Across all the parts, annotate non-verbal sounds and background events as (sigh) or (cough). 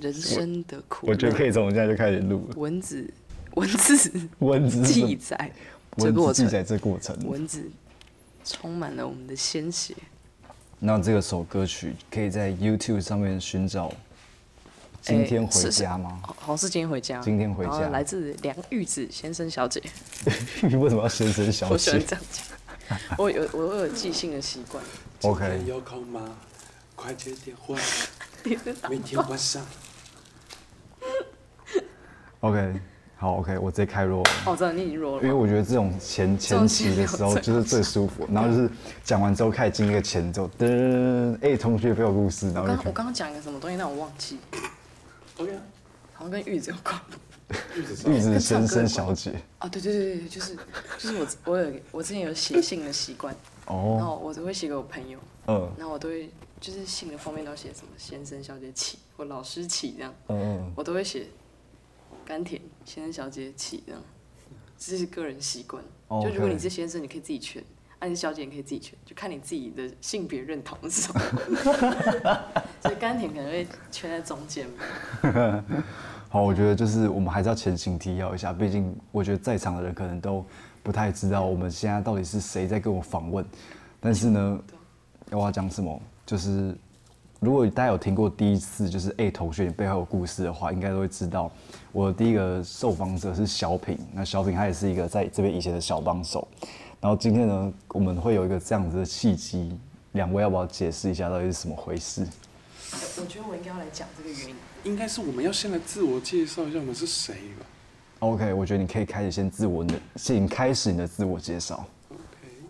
人生的苦我，我覺得可以從我們現在就開始錄。文字，文字，文字記載，文字記載這過程，文字充滿了我們的鮮血。那這個首歌曲可以在 YouTube 上面尋找。今天回家嗎、欸好？好像是今天回家。今天回家，啊、來自梁玉子先生小姐。 (laughs) 你為什麼要先生小姐？ (laughs) 我喜歡這樣講，我有我有記性的習慣。OK。有空嗎？快接電話。 (laughs) 每天晚上。 (laughs) OK，好，OK，我直接開弱了。好、哦、的，知道你已經弱了。因為我覺得這種前前期的時候就是最舒服，嗯、然後就是講完之後開始進一個前奏。噔、嗯，哎、欸，同學不要忽視。剛，我剛剛講個什麼東西，讓我忘記。對啊。好像跟玉子有關。玉子是先生小姐。哦， (laughs) 啊、對對對對，就是就是我我有我之前有寫信的習慣。哦。然後我都會寫給我朋友。嗯。然後我都會就是信的封面都寫什麼先生小姐啟，或老師啟這樣。嗯嗯。我都會寫。甘恬先生、小姐啟這樣，這是個人習慣。就如果你是先生，你可以自己圈，按小姐你可以自己圈，就看你自己的性別認同。 (laughs) (laughs) 所以甘恬可能會圈在中間 (laughs) 好，我覺得就是我們還是要先行提要一下，畢竟我覺得在場的人可能都不太知道我們現在到底是誰在跟我訪問。但是呢，我要講什麼？就是如果大家有聽過第一次就是 A 同學你背後的故事的話，應該都會知道。我第一個受訪者是小品，那小品他也是一個在這邊以前的小幫手，然後今天呢，我們會有一個這樣子的契機，兩位要不要解釋一下到底是怎麼回事？我覺得我應該要來講這個原因，應該是我們要先來自我介紹一下我們是誰吧。OK，我覺得你可以開始先自我，的先開始你的自我介紹。OK，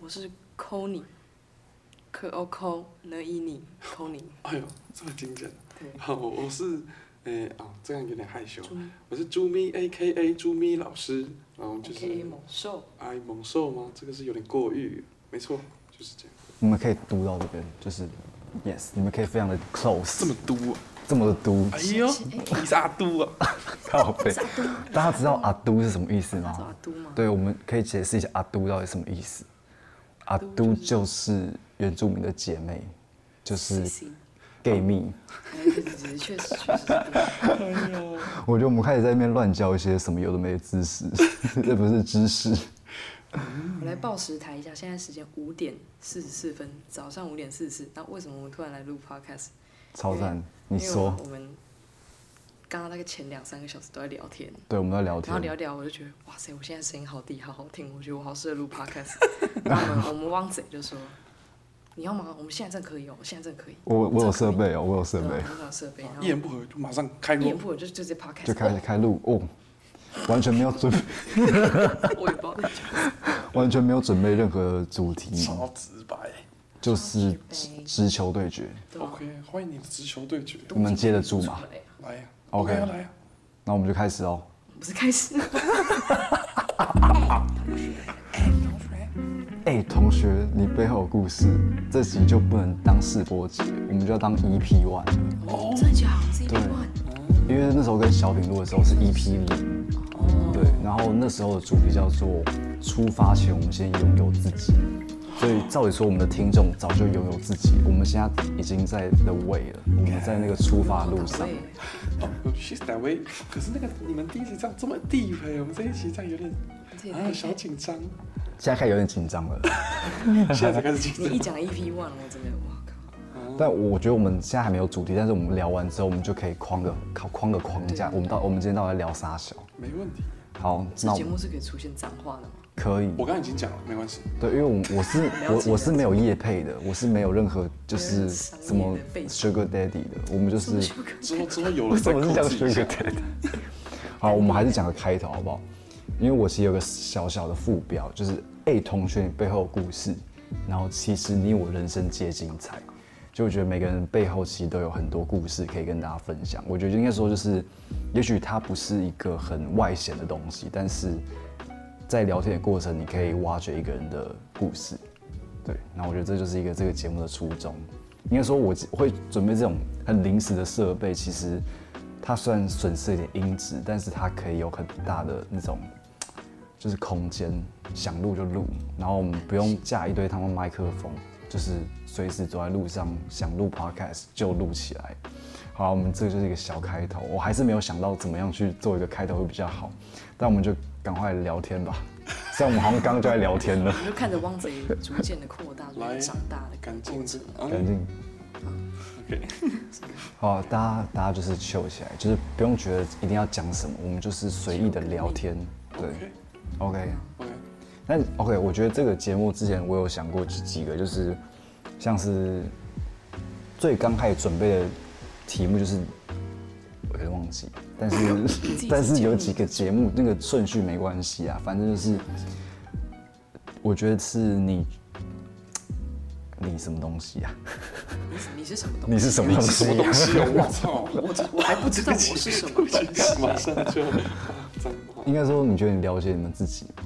我是 Connie，C-O-N-N-I-E，Connie，哎呦，這麼精簡。對。好，我是。哎、欸，哦，這樣有點害羞。 (noise) 我是朱咪，A K A 朱咪老師，然、嗯、後就是。A、okay, 猛獸。I、哎、猛獸嗎？這個是有點過譽。沒錯，就是這樣。你們可以嘟到這邊，就是 (noise) ，Yes，你們可以非常的 close 這、啊。這麼嘟，這麼的嘟。哎呦，你、哎、是，是阿嘟啊！ (laughs) 靠北。大家知道阿嘟是什麼意思嗎，嗎？對，我們可以解釋一下阿嘟到底是什麼意思。阿嘟就是原住民的姐妹，就是，就是。是 Game me，確實確實，我覺得我們開始在那邊亂教一些什麼有的沒的知識，這不是知識。我來報時台一下，現在時間五點四十四分，早上五點四十四。那為什麼我們突然來錄 Podcast？超讚！你說，我們剛剛那個前兩三個小時都在聊天，對，我們在聊天，然後聊一聊，我就覺得哇塞，我現在聲音好低，好好聽，我覺得我好適合錄 Podcast。 (laughs) 然後我們汪賊就說。你要嗎？我們現在真的可以哦、喔，現在真的可以。我我有設備哦，我有設備、喔有設備嗯嗯嗯嗯。一言不合就馬上開錄。一言不合就直接趴開。就開、喔、開錄哦、喔，完全沒有準備。我也不知完全沒有準備任何主題。超直白，就是直球對決。OK，歡迎你的直球對決。你們能接得住嗎？來、啊，OK，來、啊，那我們就開始哦、喔。不是開始。 (laughs) (laughs) 哎，同學，你背後有故事，這集就不能當試播集，我們就要當 EP One 哦，樣、oh, 真的假的？對，因為那時候跟小品錄的時候是 EP 零、oh.，對，然後那時候的主題叫做出發前我們先擁有自己，所以、oh. 照理說我們的聽眾早就擁有自己，我們現在已經在 the way 了，我們在那個出發路上。Okay, oh, she's that way，可是那個你們第一集這樣這麼地位，我們這一集這樣有點。有、哎、點小緊張，現在開始有點緊張了。 (laughs) 現在才開始緊張，你一講 EP one 我真的，我靠。但我覺得我們現在還沒有主題，但是我們聊完之後，我們就可以框個，靠，框個框架我。我們到，我們今天到來聊啥小？沒問題。好，那節目是可以出現髒話的嗎？可以。我剛才已經講了，沒關係。對，因為我，我是 (laughs) 我是我我是沒有業配的，我是沒有任何就是、呃、什麼 sugar daddy 的，我們就是之後之後有什麼是 sugar daddy (laughs) 好，我們還是講個開頭，好不好？因為我其實有個小小的副標，就是欸、同學你背後有故事，然後其實你我人生皆精彩，就我覺得每個人背後其實都有很多故事可以跟大家分享。我覺得應該說就是，也許它不是一個很外顯的東西，但是在聊天的過程，你可以挖掘一個人的故事。對，那我覺得這就是一個這個節目的初衷。應該說我會準備這種很臨時的設備，其實它雖然損失一點音質，但是它可以有很大的那種。就是空間，想錄就錄，然後我們不用架一堆他們的麥克風，就是隨時走在路上想錄 podcast 就錄起來。好，我們這個就是一個小開頭，我還是沒有想到怎麼樣去做一個開頭會比較好，但我們就趕快聊天吧。雖然我們好像剛剛就在聊天了。 (laughs) (laughs) 我就看着汪賊逐漸的擴大，逐漸長大的乾淨者。乾 (laughs) 淨。啊 okay. 好，大家大家就是 chill 起來，就是不用覺得一定要講什麼，我們就是隨意的聊天，對。Okay. OK，OK，OK，OK，那 OK，我覺得這個節目之前我有想過幾幾個，就是像是最剛開始準備的題目就是，我也忘記，但是 (laughs) 但是有幾個節目 (laughs) 那個順序沒關係啊，反正就是我覺得是你。你，什麼、啊、 (laughs) 你什麼東西啊？你是什麼東西、啊？西？ (laughs) 你是什麼東西、啊 (laughs) 我？我操！我我還不知道我是什麼東西 (laughs) 馬上就， (laughs) (laughs) 應該說，你覺得你了解你們自己嗎？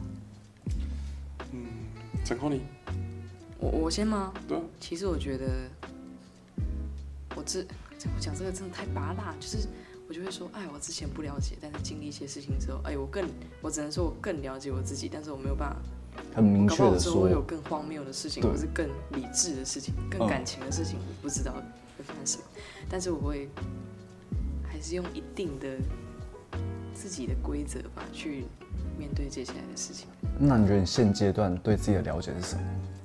嗯，陳冠我我先嗎？對。其實我覺得我，我這我講這個真的太拔辣，就是我就會說，哎，我之前不了解，但是經歷一些事情之後，哎，我更我只能說，我更了解我自己，但是我沒有辦法。很明確的說，我，說，我有更荒謬的事情，或是更理智的事情，更感情的事情，我不知道會發生什麼。但是我會還是用一定的自己的規則吧，去面對接下來的事情。那你覺得你現階段對自己的了解是什麼？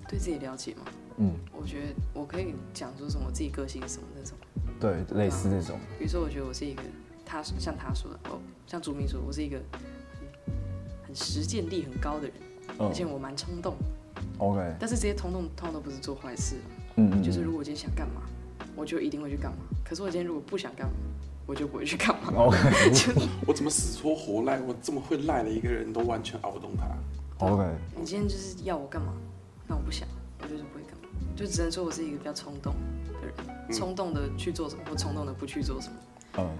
對自己了解嗎？嗯，我覺得我可以講說什麼，我自己個性是什麼那種。對，類似那種。比如說，我覺得我是一個他像他說的哦，像朱咪說，我是一個很實踐力很高的人。.而且我蠻衝動，OK。但是這些衝動通通，通常都不是做壞事，嗯，嗯，就是如果我今天想幹嘛，我就一定會去幹嘛。可是我今天如果不想幹嘛，我就不會去幹嘛，OK (laughs) 就。就 (laughs) 我怎麼死拖活賴，我這麼會賴的一個人，都完全熬不動他，OK。你今天就是要我幹嘛，那我不想，我就是不會幹嘛，就只能說我是一個比較衝動的人，衝、嗯、動的去做什麼，不衝動的不去做什麼，嗯。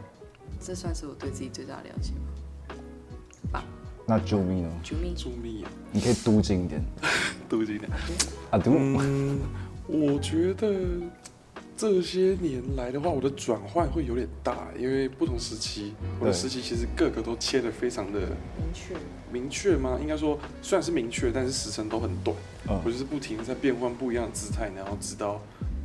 這算是我對自己最大的了解吧。那救命哦！救命！救命！你可以督金一點， (laughs) 督金一點啊！嗯， (laughs) 我覺得這些年來的話，我的轉換會有點大，因為不同時期，我的時期其實個個都切得非常的明確，明確嗎？應該說雖然是明確，但是時程都很短。嗯、我就是不停的在變換不一樣的姿態，然後直到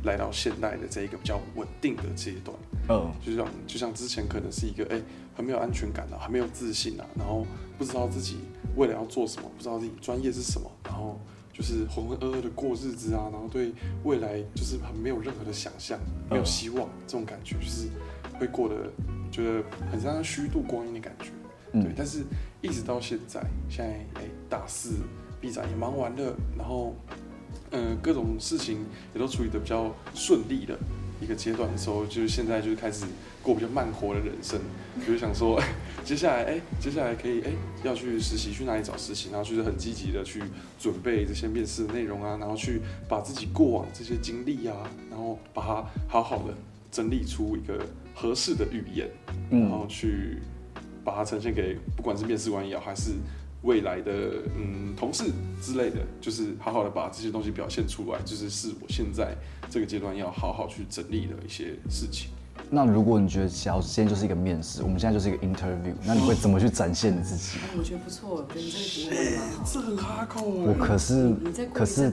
來到現代的這一個比較穩定的階段。嗯，就像就像之前可能是一個哎、欸，很沒有安全感啊，很沒有自信啊，然後。不知道自己未來要做什麼，不知道自己專業是什麼，然後就是渾渾噩噩的過日子啊，然後對未來就是很沒有任何的想象，沒有希望這種感覺，就是會過得覺得很像虛度光陰的感覺。對，嗯、但是一直到現在，現在哎，大四畢展也忙完了，然後嗯、呃，各種事情也都處理的比較順利了。一個階段的時候，就是現在就是開始過比較慢活的人生，就是想說，接下來哎、欸，接下來可以哎、欸，要去實習，去哪裡找實習，然後去很積極的去準備這些面試的內容啊，然後去把自己過往這些經歷啊，然後把它好好的整理出一個合適的語言，然後去把它呈現給不管是面試官也好，還是。未來的嗯，同事之類的，就是好好的把這些東西表現出來，就是是我現在這個階段要好好去整理的一些事情。那如果你覺得小，現在就是一個面試，我們現在就是一個 interview，那你會怎麼去展現你自己、 (laughs) (laughs) 嗯？我覺得不錯，跟在我覺得這個準備蠻好， (laughs) 是很 hardcore 哦、欸。我可是，嗯、可是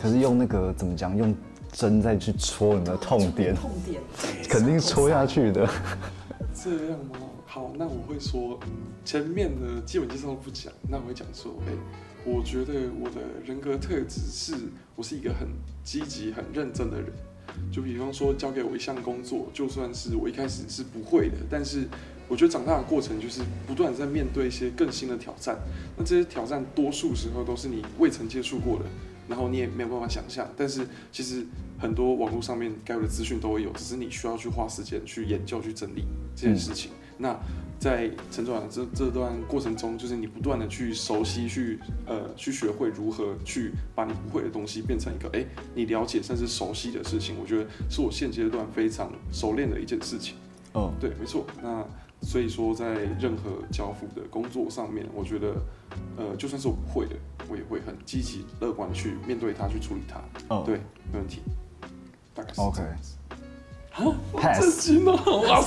可是用那個怎麼講，用針再去戳你的痛點，痛點，肯定戳下去的。這樣嗎？好，那我會說，嗯，前面的基本介紹都不講，那我會講說，哎、欸，我覺得我的人格特質是，我是一個很積極、很認真的人。就比方說，交給我一項工作，就算是我一開始是不會的，但是我覺得長大的過程就是不斷在面對一些更新的挑戰。那這些挑戰多數時候都是你未曾接觸過的，然後你也沒有辦法想象。但是其實很多網絡上面該有的資訊都會有，只是你需要去花時間去研究、去整理這件事情。嗯那在成長這這段過程中，就是你不斷的去熟悉，去呃，去學會如何去把你不會的東西變成一個哎、欸，你了解甚至熟悉的事情。我覺得是我現階段非常熟練的一件事情。哦、oh.，對，沒錯。那所以說，在任何交付的工作上面，我覺得呃，就算是我不會的，我也會很積極樂觀的去面對它，去處理它。哦、oh.，對，沒問題。大概是這樣子。OK。我、oh, 自己呢？我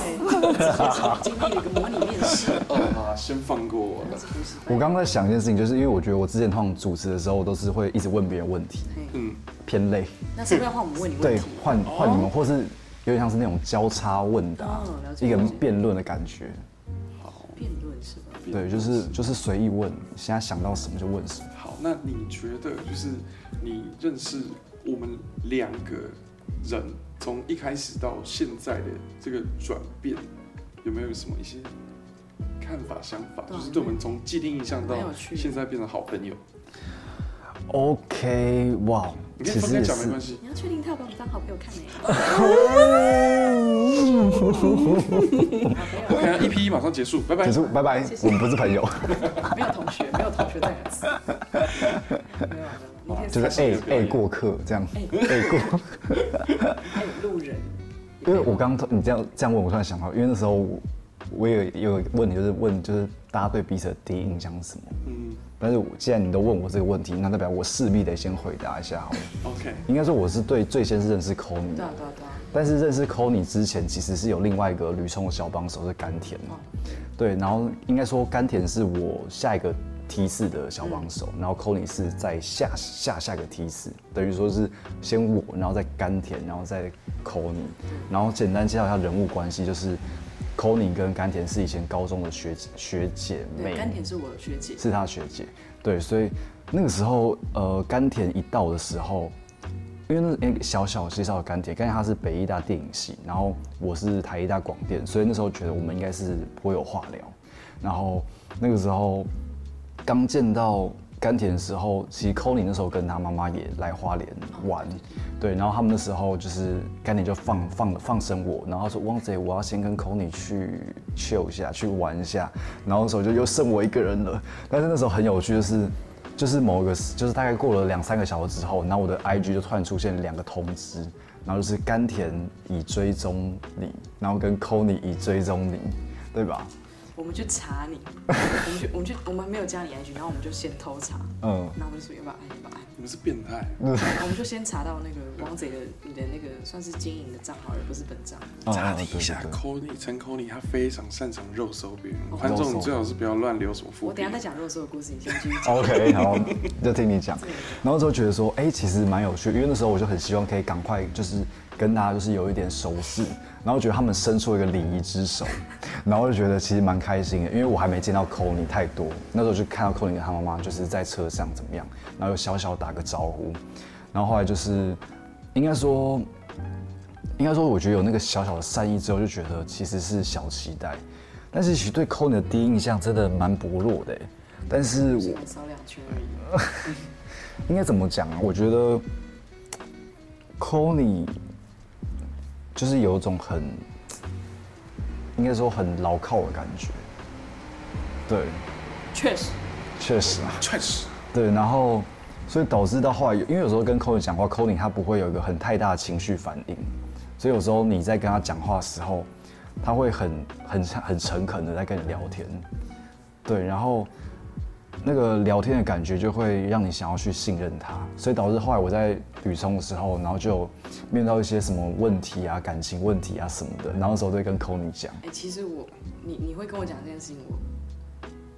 今天有個模擬面試。先放過我了。 (laughs) 我剛剛在想一件事情，就是因為我覺得我之前通常主持的時候，我都是會一直問別人問題，嗯，偏累。那是不是要換我們問你？對，換換你們，或是有點像是那種交叉問答，哦、一個辯論的感覺。好，辯論是吧？對，就是就是隨意問，現在想到什麼就問什麼。好，那你覺得就是你認識我們兩個人？從一開始到現在的這個轉變，有沒有什麼一些看法、想法？嗯、就是對我們從既定印象到現在,現在變成好朋友。OK，哇，你看其實其實你要確定他要把我們當好朋友看嘞。哈哈 EP1 馬上結束, (laughs) 拜拜結束，拜拜，結束拜拜，我們不是朋友。 (laughs) 沒有同學，沒有同學在 (laughs) (laughs) 就是愛、欸欸、過客這樣愛、欸欸、過，愛、 (laughs) 欸、路人。因為我剛剛你這樣這樣問我，突然想到，因為那時候我有有一個問題，就是問就是大家對彼此的第一印象是什麼？嗯。但是既然你都問我這個問題，那代表我勢必得先回答一下好，好嗎？OK。應該說我是對最先是認識 Connie，、啊啊啊、但是認識 Connie 之前，其實是有另外一個旅充的小幫手是甘恬、哦，對。然後應該說甘恬是我下一個。T 四的小幫手、嗯，然後扣 o 是在下下下個 T 四，等於說是先我，然後再甘甜，然後再扣 o，然後簡單介紹一下人物關係，就是扣 o 跟甘甜是以前高中的學學姐妹，甘甜是我的學姐，是他學姐，對，所以那個時候呃甘甜一到的時候，因為那、欸、小小介紹甘甜，甘甜他是北藝大電影系，然後我是台藝大廣電，所以那時候覺得我們應該是頗有話聊，然後那個時候。剛見到甘恬的時候，其實 Connie 那時候跟他媽媽也來花蓮玩，對，然後他們那時候就是甘恬就放放放生我，然後說汪賊我要先跟 Connie 去秀一下，去玩一下，然後那時候就又剩我一個人了。但是那時候很有趣，就是，就是就是某一個就是大概過了兩三個小時之後，然後我的 IG 就突然出現兩個通知，然後就是甘恬已追蹤你，然後跟 Connie 已追蹤你，對吧？我們去查你， (laughs) 我們去我們去我們沒有加你 IG，然後我們就先偷查，嗯，然後我們就說要不要愛一擺？你們是變態、啊， (laughs) 我們就先查到那個汪賊的你的那個算是經營的賬號，而不是本賬。查了一下，Connie，陳 Connie 他非常擅長肉搜別人。觀眾，oh, 最好是不要亂留手富。我等下再講肉搜的故事，你先繼續。 (laughs) OK，好，就聽你講。 (laughs) 然後之後覺得說，哎、欸，其實蠻有趣，因為那時候我就很希望可以趕快就是跟大家就是有一點熟悉。然後我覺得他們伸出一個禮儀之手， (laughs) 然後我就覺得其實蠻開心的，因為我還沒見到 Connie 太多。那時候就看到 Connie 跟他媽媽就是在車上怎麼樣，然後又小小打個招呼，然後後來就是，應該說，應該說，我覺得有那個小小的善意之後，就覺得其實是小期待。但是其實對 Connie 的第一印象真的蠻薄弱的，但是我少兩句而已。應該怎麼講啊？我覺得 Connie 就是有一種很，應該說很牢靠的感覺，對，確實，確實啊，確實，對，然後，所以導致到後來，因為有時候跟 Connie 講話，Connie 他不會有一個很太大的情緒反應，所以有時候你在跟他講話的時候，他會很很很誠懇的在跟你聊天，對，然後。那個聊天的感覺就會讓你想要去信任他，所以導致後來我在旅充的時候，然後就，面對到一些什麼問題啊，感情問題啊什麼的，然後那時候就會跟 Connie 講、欸。哎，其實我，你你會跟我講這件事情，我，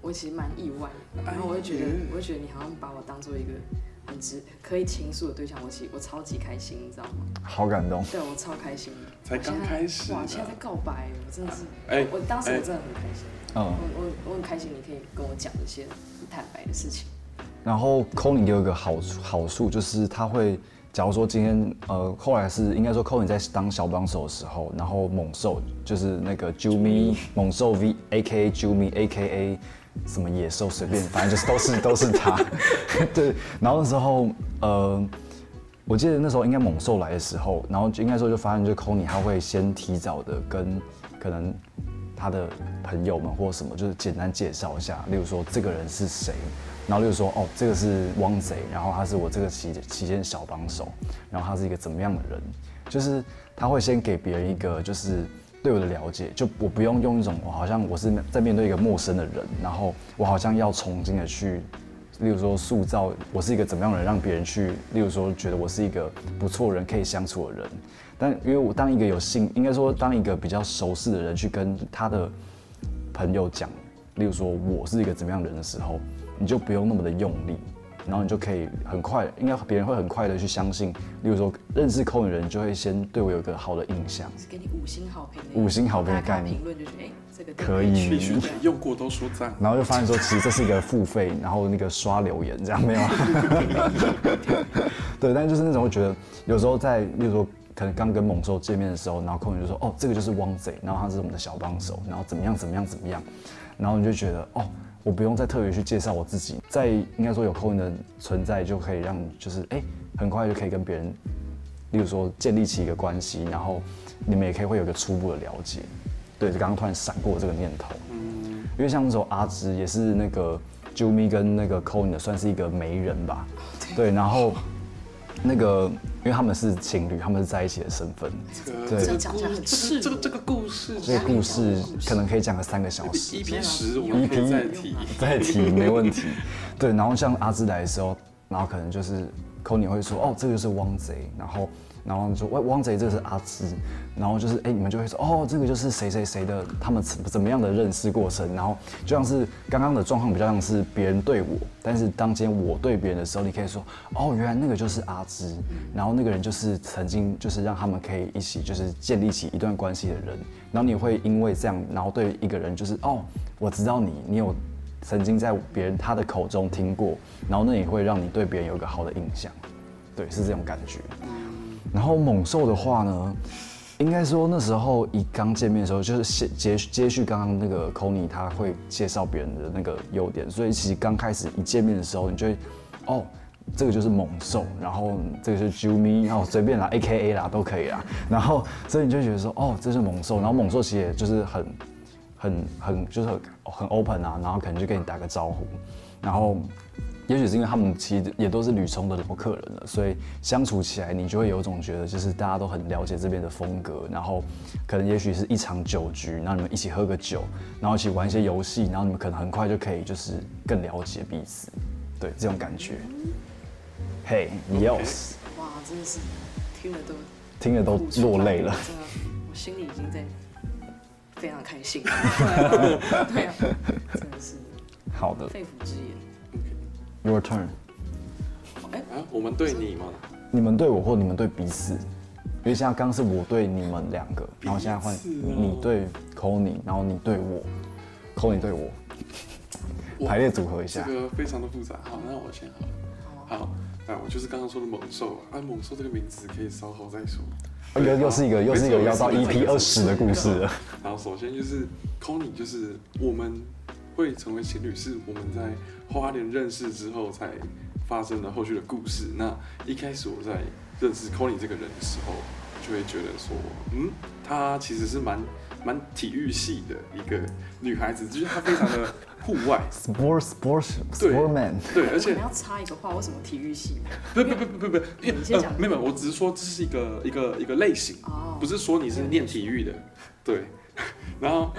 我其實蠻意外，然後我會覺得，我就覺得你好像把我當做一個很值可以傾訴的對象，我其實我超級開心，你知道嗎？好感動。對，我超開心。才剛開始。哇，現在在告白，我真的是，哎、啊欸啊，我當時我真的很開心。欸欸嗯，我我,我很開心，你可以跟我講一些坦白的事情。然後 c o 你有一個好處，好處就是他會，假如說今天，呃，後來是應該說 c o 你在當小幫手的時候，然後猛獸就是那個 Jumi，, Jumi 猛獸 V A K A Jumi A K A，什麼野獸隨便，反正就是都是 (laughs) 都是他，對。然後那時候，呃，我記得那時候應該猛獸來的時候，然後應該說就發現，就 c o 你他會先提早的跟可能。他的朋友們或什麼，就是簡單介紹一下，例如說這個人是誰，然後例如說哦，這個是汪賊，然後他是我這個期期間小幫手，然後他是一個怎麼樣的人，就是他會先給別人一個就是對我的了解，就我不用用一種我好像我是在面對一個陌生的人，然後我好像要重新的去，例如說塑造我是一個怎麼樣的人，讓別人去例如說覺得我是一個不錯的人，可以相處的人。但因為我當一個有信，應該說當一個比較熟識的人去跟他的朋友講，例如說我是一個怎麼樣的人的時候，你就不用那麼的用力，然後你就可以很快，應該別人會很快的去相信。例如說認識 Connie 的人就會先對我有個好的印象，就是、給你五星好評，五星好評的概念，評論就是哎、欸、這個可以，可以，必須的用過都說讚。然後就發現說其實這是一個付費，然後那個刷留言這樣，沒有？ (laughs) (laughs) 對，但就是那種會覺得有時候在例如說。可能剛跟猛獸見面的時候，然後扣 n 就說：“哦，這個就是汪賊，然後他是我們的小幫手，然後怎麼樣怎麼樣怎麼樣。麼樣”然後你就覺得：“哦，我不用再特別去介紹我自己，在應該說有扣 n 的存在就可以讓，就是哎、欸，很快就可以跟別人，例如說建立起一個關係，然後你們也可以會有一個初步的了解。”對，剛剛突然閃過這個念頭。因為像那時候阿芝也是那個啾咪跟那個扣 n 的，算是一個媒人吧。對，然後。那個，因為他們是情侶，他們是在一起的身份，呃。對，這個故事，這個這個故事，這個故事可能可以講個三個小時。一,一十我可以再提可以再提，沒問題。 (laughs) 對，然後像阿枝來的時候，然後可能就是 Connie 會說，哦，這個就是汪賊，然後。然後說，喂，汪賊，這個是阿枝。然後就是，哎，你們就會說，哦，這個就是誰誰誰的，他們怎麼樣的認識過程。然後就像是剛剛的狀況，比較像是別人對我，但是當今天我對別人的時候，你可以說，哦，原來那個就是阿枝。然後那個人就是曾經就是讓他們可以一起就是建立起一段關係的人。然後你會因為這樣，然後對一個人就是，哦，我知道你，你有曾經在別人他的口中聽過。然後那也會讓你對別人有一個好的印象。對，是這種感覺。然後猛獸的話呢，應該說那時候一剛見面的時候，就是接接接續剛剛那個 Connie 他會介紹別人的那個優點，所以其實剛開始一見面的時候，你就會哦這個就是猛獸，然後這個是朱咪然後隨便啦 Aka 啦都可以啊，然後所以你就會覺得說哦這是猛獸，然後猛獸其實也就是很很很就是很很 open 啊，然後可能就跟你打個招呼，然後。也許是因為他們其實也都是旅充的老客人了，所以相處起來，你就會有一種覺得，就是大家都很了解這邊的風格。然後，可能也許是一場酒局，然後你們一起喝個酒，然後一起玩一些遊戲，然後你們可能很快就可以就是更了解彼此。對這種感覺。嘿，你要是……哇，真的是聽，聽了都聽了都落淚了。真的，我心裡已經在非常開心。對啊，真的是。好的。肺腑之言。Your turn，啊。哎，我們對你嗎？你們對我，或你們對彼此。因為現在剛剛是我對你們兩個，然後現在換你對 Connie，然後你對我，Connie 對我。排、嗯、列組合一下。這個非常的複雜。好，那我先好。好，那我就是剛剛說的猛獸啊！猛獸這個名字可以稍後再說。啊、又又是一個又是一個要到 EP 二十的故事了。啊、事 (laughs) 然後首先就是 Connie 就是我們。會成為情侶是我們在花蓮認識之後才發生的後續的故事。那一開始我在認識 Connie 這個人的時候，就會覺得說，嗯，她其實是蠻蠻體育系的一個女孩子，就是她非常的戶外，sports sports sportsman。對，而且。要插一個話，為什麼體育系？不不不不不不、欸，你先講、呃。沒有，我只是說這是一個一個一個類型、哦，不是說你是練體育的、嗯。對，然後。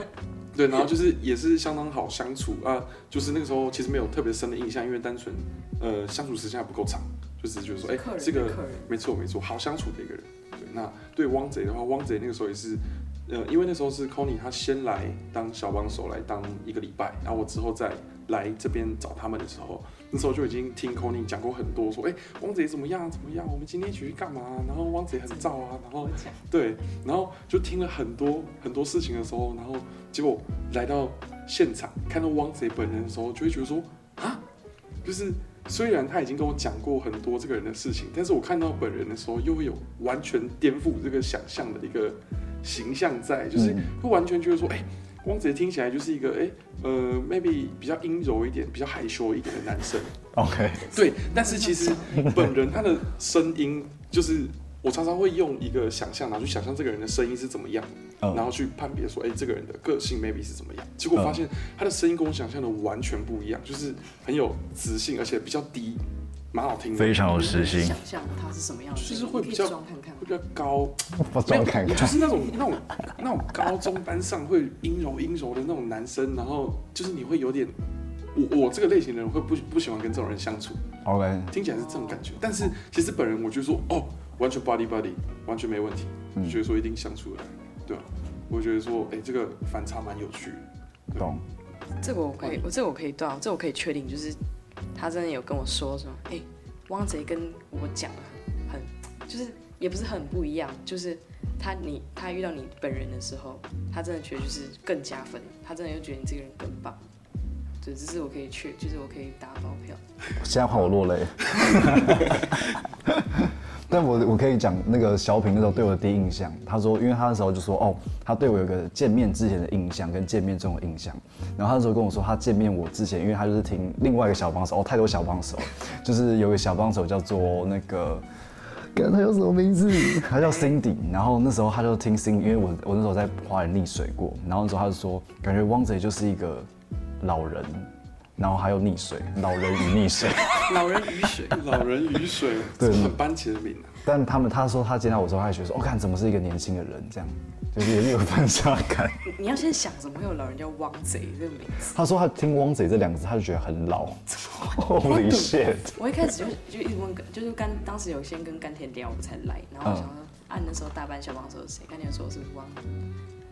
對，然後就是也是相當好相處啊、呃，就是那個時候其實沒有特別深的印象，因為單純，呃，相處時間還不夠長，就是覺得說，哎、欸，這個沒錯沒錯，好相處的一個人。對，那對汪賊的話，汪賊那個時候也是，呃，因為那時候是 Connie 他先來當小幫手來當一個禮拜，然後我之後再來這邊找他們的時候。那時候就已經聽 Connie 講過很多說，說哎汪賊怎麼樣、啊、怎麼樣，我們今天一起去幹嘛？然後汪賊很燥啊，然後，、啊、然後對，然後就聽了很多很多事情的時候，然後結果來到現場看到汪賊本人的時候，就會覺得說啊，就是雖然他已經跟我講過很多這個人的事情，但是我看到本人的時候又會有完全顛覆這個想象的一個形象在，就是會完全覺得說哎。欸光子聽起來就是一個哎、欸，呃，maybe 比較陰柔一點、比較害羞一點的男生。OK，對。但是其實本人他的聲音，就是我常常會用一個想象，然後去想象這個人的聲音是怎麼樣，oh. 然後去判別說，哎、欸，這個人的個性 maybe 是怎麼樣。結果發現他的聲音跟我想象的完全不一樣，就是很有磁性，而且比較低。蠻好聽的，非常有實心。想象他是什麼樣的？就是會比較，看看比較高。看 (laughs) 看，就是那種那種 (laughs) 那種高中班上會陰柔陰柔的那種男生，然後就是你會有點，我我這個類型的人會不不喜歡跟這種人相處。OK，聽起來是這種感覺，oh. 但是其實本人我就說哦，完全 buddy buddy 完全沒問題，所、嗯、以得說一定相處的來，對、啊、我覺得說哎、欸，這個反差蠻有趣的對，懂？這個、我可以，我、嗯、這個、我可以斷、啊，這個、我可以確定就是。他真的有跟我說什麼？哎、欸，汪賊跟我講，很，就是也不是很不一樣，就是他你他遇到你本人的時候，他真的覺得就是更加分，他真的又覺得你這個人更棒，對，這是我可以去，就是我可以打包票。我現在怕我落淚。 (laughs) (laughs) 但我我可以講那個小品那時候對我的第一印象，他說，因為他那時候就說哦，他對我有個見面之前的印象跟見面之後的印象，然後他那時候跟我說他見面我之前，因為他就是聽另外一個小幫手哦，太多小幫手，就是有個小幫手叫做那個，看 (laughs) 他叫什麼名字？ (laughs) 他叫 Cindy，然後那時候他就聽 Cindy，因為我我那時候在花園溺水過，然後那時候他就說感覺汪賊就是一個老人。然後還有溺水，老人與溺水， (laughs) 老人與與水， (laughs) 老人與水、啊，對，很班前的名字。但他們他說他見到我時候，他還覺得說，我、喔、看怎麼是一個年輕的人這樣，就是有班下感 (laughs) 你要先想怎麼會有老人叫汪賊這個名字？他說他聽汪賊這兩個字，他就覺得很老，怎麼 Holy shit 我一開始就就一直問，就是甘當時有先跟甘恬聊我才來，然後想說按的、嗯啊、時候大班小班的時候是誰？甘恬說是汪。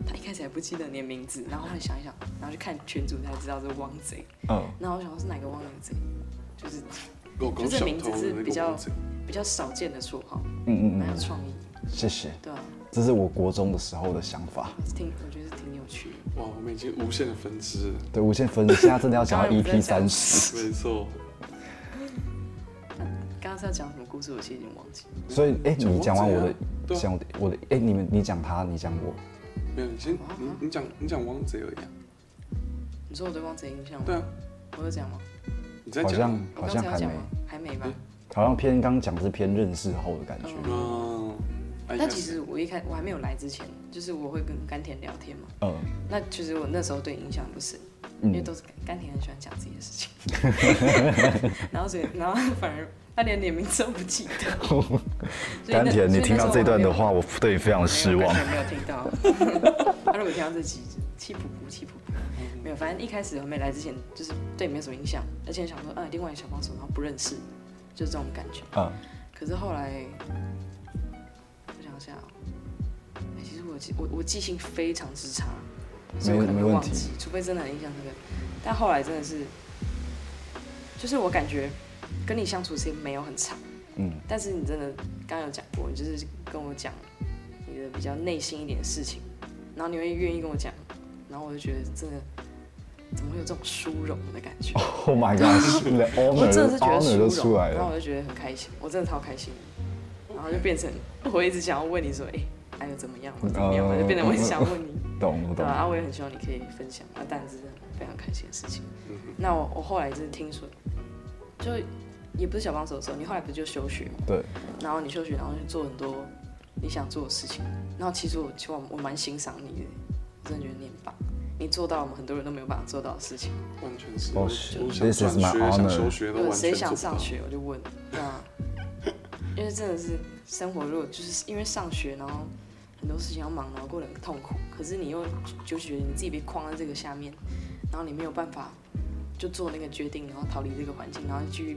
他一開始還不記得你的名字，然後他想一想，然後就看群組才知道是汪賊。嗯，那我想說是哪個汪賊？就是，就這名字是比較、那個、比較少見的綽號。嗯嗯嗯，有創意。謝謝。對啊，這是我國中的時候的想法。挺我覺得是挺有趣的。哇，我們已經無限的分支。對，無限分支。現在真的要講到 EP 三十。 (laughs) 剛 (laughs) 沒錯。剛、嗯、剛是要講什麼故事？我其實已經忘記了。所以，哎、欸，你講完我的，講、嗯、我的，哎、欸，你們，你講他，你講我。沒有，你先，你你講，你講汪澤而已，啊。你說我對汪澤印象嗎？對啊，我有講嗎？你在講，好像，好像才還，沒還沒，還沒吧？嗯、好像偏剛剛講是偏認識後的感覺。哦、嗯，那、嗯、其實我一開我還沒有來之前，就是我會跟甘甜聊天嘛。嗯，那其實我那時候對影響不深。嗯、因為都是甘恬，很喜歡講自己的事情。 (laughs) (laughs) 然後所以，然後反而他連你名字都不記得。甘恬，你聽到這段的話我，我對你非常失望。沒有聽到。他如果聽到這幾氣噗噗氣噗噗，沒有，反正一開始我沒來之前就是對你沒有什麼印象，而且想說嗯，另外一個小幫手，然後不認識，就是這種感覺。嗯、可是後來我想想、哦，欸，其實我記我我記性非常之差。所以我可能會忘記，除非真的很印象深刻，但後來真的是，就是我感覺跟你相處時間沒有很長，嗯，但是你真的剛剛有講過，你就是跟我講你的比較內心一點的事情，然後你會願意跟我講，然後我就覺得真的怎麼會有這種殊榮的感覺？Oh my god！ (laughs) honor, 我真的是覺得殊榮，然後我就覺得很開心，我真的超開心，然後就變成我一直想要問你說，哎、欸。還有怎麼樣？怎麼樣？我、uh, 就變得我很想問你。 (laughs) 懂，懂。對、啊、吧？我也很希望你可以分享啊，但這是非常開心的事情。嗯、那我我後來就是聽說，就也不是小幫手的時候，你後來不就休學嘛？對。然後你休學，然後去做很多你想做的事情。然後其實我其實我蠻欣賞你的，我真的覺得你很棒，你做到我們很多人都沒有辦法做到的事情。完全是，我我想學，想休學都完全做不到。對，誰想上學我就問，對吧？ (laughs) 因為真的是生活弱，如果就是因為上學，然後很多事情要忙，然後過得很痛苦。可是你又就是覺得你自己被框在這個下面，然後你沒有辦法就做那個決定，然後逃離這個環境，然後去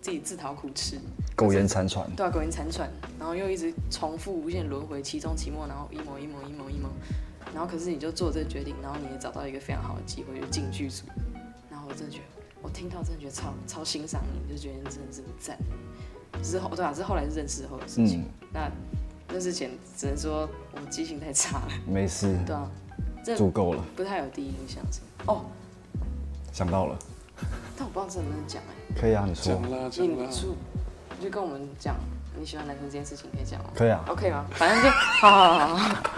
自己自討苦吃，苟延殘喘，對啊，苟延殘喘，然後又一直重複無限輪回，期中、期末，然後一模、一模、一模、一模，然後可是你就做這個決定，然後你也找到一個非常好的機會就進劇組，然後我真的覺得，我聽到真的覺得超超欣賞你，就覺得你真的是不讚。只是後，對啊，是後來認識之後的事情。嗯、那，那認識前只能說我記性太差了。沒事。對啊，這足夠了。不太有第一印象哦，是 oh, 想到了。但我不知道能不能講哎、欸。可以啊，你說。住，你就跟我們講你喜歡男生這件事情，可以講嗎？可以啊。OK 嗎？反正就好，好好好。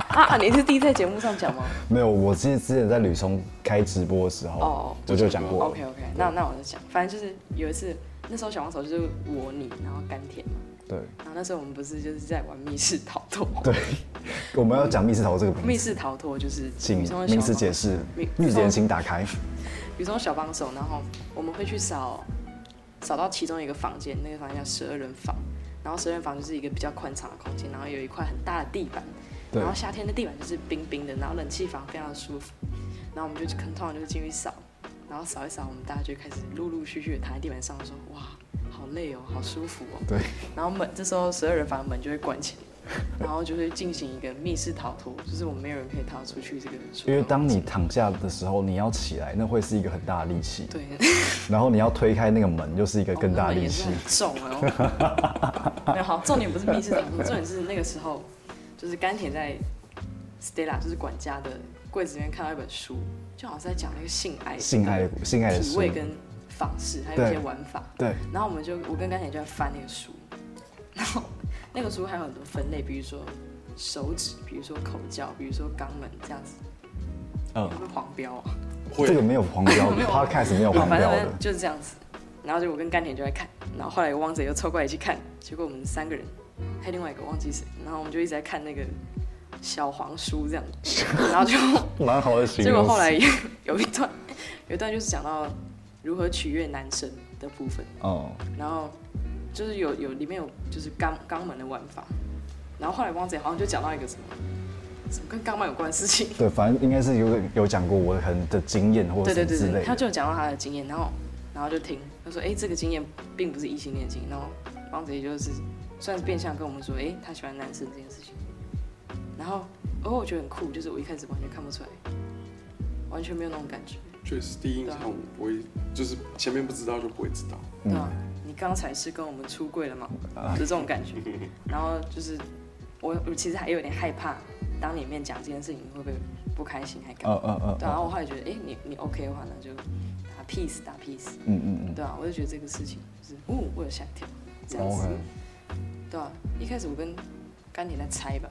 啊 (laughs) 啊！你是第一次在節目上講嗎？ (laughs) 沒有，我是之前在旅充開直播的時候，oh, 我就講過。OK OK，、yeah. 那那我就講，反正就是有一次。那時候小幫手就是我你，然後甘恬嘛。對。然後那時候我們不是就是在玩密室逃脫。對 (laughs) 我。我們要講密室逃脫這個。密室逃脫就是。請。名詞解釋。綠點請打開。有這種小幫手，然後我們會去掃，掃到其中一個房間，那個房間叫十二人房，然後十二人房就是一個比較寬敞的空間，然後有一塊很大的地板，然後夏天的地板就是冰冰的，然後冷氣房非常的舒服，然後我們就,坑通常就去，o n 就是進去掃。然後掃一掃，我們大家就開始陸陸續續的躺在地板上，說：“哇，好累哦、喔，好舒服哦、喔。”對。然後門，這時候所有人把門就會關起來，然後就會進行一個密室逃脫，就是我們沒有人可以逃出去這個日出。因為當你躺下的時候，你要起來，那會是一個很大的力氣。對。然後你要推開那個門，又、就是一個更大的力氣。重 (laughs) 哦。那重喔、 (laughs) 沒有好，重點不是密室逃脫，重點是那個時候，就是甘恬在 Stella 就是管家的櫃子裡面看到一本書。就好像在講那個性愛，性愛，性愛的體位跟方式，還有一些玩法對。對。然後我們就，我跟甘恬就在翻那個書，然後那個書還有很多分類，比如說手指，比如說口交，比如說肛門這樣子。嗯。黃標啊！會。這個沒有黃標，他開始沒有黃標反正就是這樣子。然後就我跟甘恬就在看，然後後來汪賊又湊過來一起看，結果我們三個人，還有另外一個忘記誰，然後我們就一直在看那個。小黃書這樣，然後就蠻 (laughs) 好的。結果後來有，有一段，有一段就是講到如何取悅男生的部分哦。然後就是有有裡面有就是肛肛門的玩法。然後後來汪子怡好像就講到一個什麼，什麼跟肛門有關的事情。對，反正應該是有有講過我很的經驗或者對對，對，對他就講到他的經驗，然後然後就聽他說，哎、欸，這個經驗並不是異性戀的經驗。然後汪子怡就是算是變相跟我們說，哎、欸，他喜歡男生這件事情。然後，哦，我覺得很酷，就是我一開始完全看不出來，完全沒有那種感覺。確實，第一印象、啊、我不會，就是前面不知道就不會知道。嗯、對啊，你剛才是跟我們出櫃了嘛、啊，就是這種感覺。然後就是，我我其實還有點害怕，當你面講這件事情，會不會不開心還幹、哦哦哦啊、然後我後來覺得，哎、欸，你你 OK 的話呢，那就打 peace 打 peace。嗯嗯，嗯對啊，我就覺得這個事情就是，哦，我有想跳，這樣子。對啊，一開始我跟甘恬來猜吧。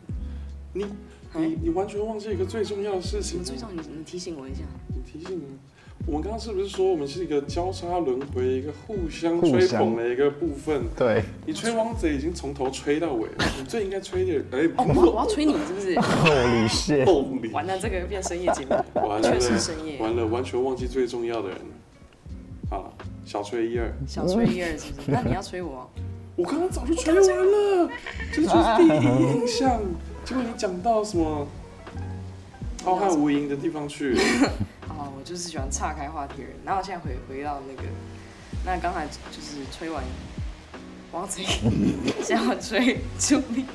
你你你完全忘記一個最重要的事情。什麼最重要？你你提醒我一下。你提醒我，我們剛剛是不是說我們是一個交叉輪迴，一個互相吹捧的一個部分？對。你吹王子已經從頭吹到尾了，你最應該吹的，哎，哦，我要吹你是不是？動是，動明。完了，這個變深夜節目了，全是深夜。完了，完全忘記最重要的人好了，小吹一二，小吹一二，是不是？那你要吹我？我剛剛早就吹完了，這就是第一印象。結果你講到什麼浩瀚無垠的地方去？啊， (laughs) 我就是喜歡岔開話題。然後我現在回回到那個，那剛才就是吹完王子，現在要吹朱咪，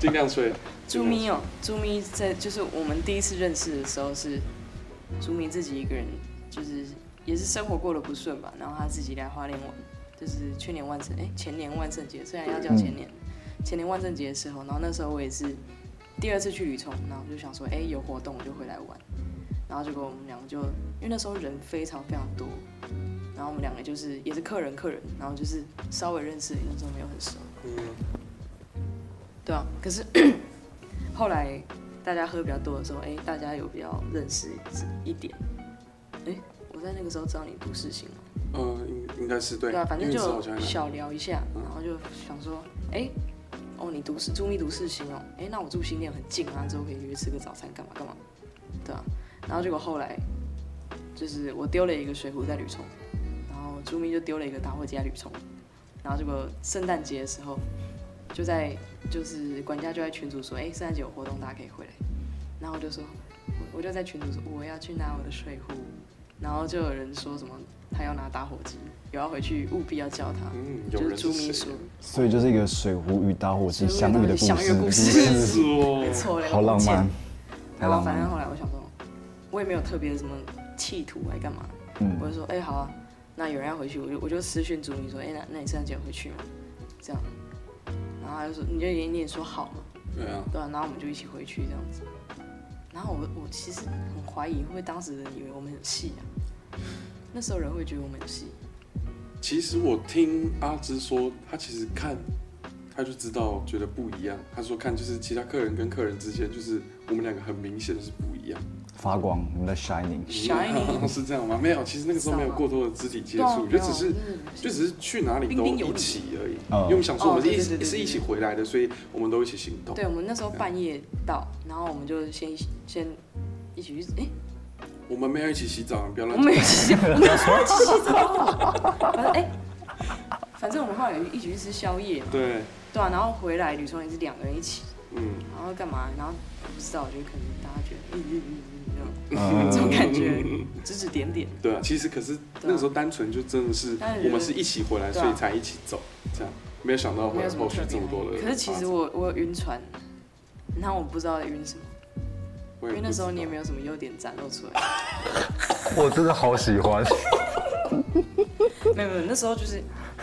盡量，量吹。朱咪哦、喔，朱咪在就是我們第一次認識的時候是朱咪自己一個人，就是也是生活過得不順吧。然後他自己來花蓮玩，就是去年萬聖哎、欸、前年萬聖節，雖然要叫前年。嗯前年萬聖節的時候，然後那時候我也是第二次去旅充，然後就想說，哎、欸，有活動我就回來玩，然後結果我們兩個就，因為那時候人非常非常多，然後我們兩個就是也是客人客人，然後就是稍微認識，那時候沒有很熟。嗯。對啊，可是 (coughs) 後來大家喝比較多的時候，哎、欸，大家有比較認識一點。哎、欸，我在那個時候知道你讀事情了。嗯、呃，應應該是對。對啊，反正就小聊一下，然後就想說，哎、欸。哦，你都是朱咪都是形哦，哎，那我住新店很近啊，之後可以約吃個早餐幹嘛幹嘛。對啊，然後結果後來就是我丟了一個水壺在旅充，然後朱咪就丟了一個打火機在旅充，然後結果聖誕節的時候就在就是管家就在群組說，哎，聖誕節有活動，大家可以回來，然後我就說，我，我就在群組說我要去拿我的水壺。然後就有人說什麼他要拿打火機，有要回去務必要叫他，嗯、就是朱咪。所以就是一個水壺與打火機、打火機相遇的相遇故事，哦、沒錯嘞，好浪漫、浪漫。然後反正後來我想說，我也沒有特別什麼企圖來幹嘛。嗯、我就說，哎、欸，好啊，那有人要回去，我就我就私訊朱咪說，哎、欸，那那你現在準備回去嗎這樣。然後他就說，你就隱隱說好了對啊。對啊，然後我們就一起回去這樣子。然後我我其實很懷疑，會不會當時人以為我們有戲啊？那時候人會覺得我們有戲。其實我聽阿枝說，他其實看，他就知道覺得不一樣。他說看就是其他客人跟客人之間，就是我們兩個很明顯是不一樣。發光的 shining Shining、嗯嗯、是這樣嗎？沒有，其實那個時候沒有過多的肢體接觸、啊，就只是、嗯，就只是去哪裡都一起而已。叮叮因為我們想說我們是一、喔、是一起回來的，所以我們都一起行動。對，我們那時候半夜到，然後我們就先先一起去、欸，我們沒有一起洗澡、啊，不要亂講。我們沒有一起洗澡、啊 (laughs) (laughs) 洗澡啊，反正哎、欸，反正我們後來一,一起去吃宵夜。對，對啊，然後回來呂崇林是兩個人一起，嗯，然後幹嘛？然後我不知道，我覺得可能大家覺得，嗯嗯嗯。嗯， (laughs) 這種感覺，指、嗯、指點點。對啊、嗯，其實可是那個時候單純就真的是、啊，我們是一起回來，啊、所以才一起走，啊、這樣，沒有想到會後續這麼多了、啊。可是其實我我有暈船，然後我不知道在暈什麼，因為那時候你也沒有什麼優點展露出來。我真的好喜歡， (laughs) (laughs) 沒有沒有，那時候就是。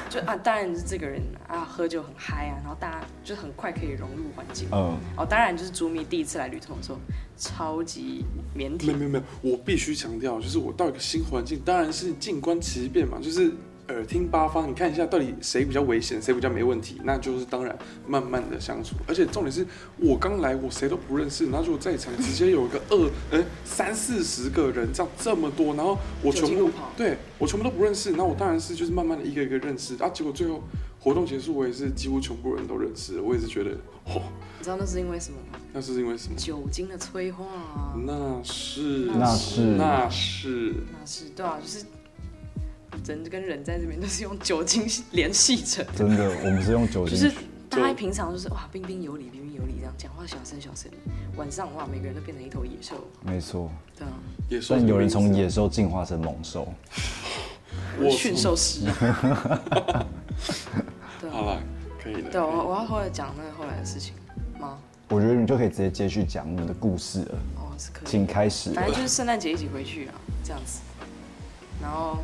就啊，當然是這個人啊，喝酒很嗨啊，然後大家就很快可以融入環境。嗯、uh.，哦，當然就是朱咪第一次來旅充的時候，超級靦腆。沒有沒有，沒有，我必須強調，就是我到一個新環境，當然是靜觀其變嘛，就是。耳聽八方，你看一下到底誰比較危險，誰比較沒問題。那就是當然，慢慢的相處。而且重點是我剛來，我誰都不認識。然後如果在場 (laughs) 直接有一個二、欸，三四十個人，這樣這麼多，然後我全部，對我全部都不認識。那我當然是就是慢慢的，一個一個認識。啊，結果最後活動結束，我也是幾乎全部人都認識。我也是覺得，哦，你知道那是因為什麼嗎？那是因為什麼？酒精的催化啊。那是，那是，那是，那是，那是對啊，就是。人跟人在這邊都是用酒精聯繫着。真的，我們是用酒精。 (laughs) 就是大家平常就是就哇，彬彬有禮，彬彬有禮這樣講話，小聲小聲。晚上哇，每個人都變成一頭野獸。沒錯。對啊。野獸。但有人從野獸進化成猛獸。我是馴獸師。 (laughs) 獸時 (laughs) (laughs) (laughs) 對啊。好了，可以的。對我，我要後來講那個後來的事情嗎？我覺得你就可以直接接去講你們的故事了。哦，是可以。請開始。反正就是聖誕節一起回去啊，這樣子，然後。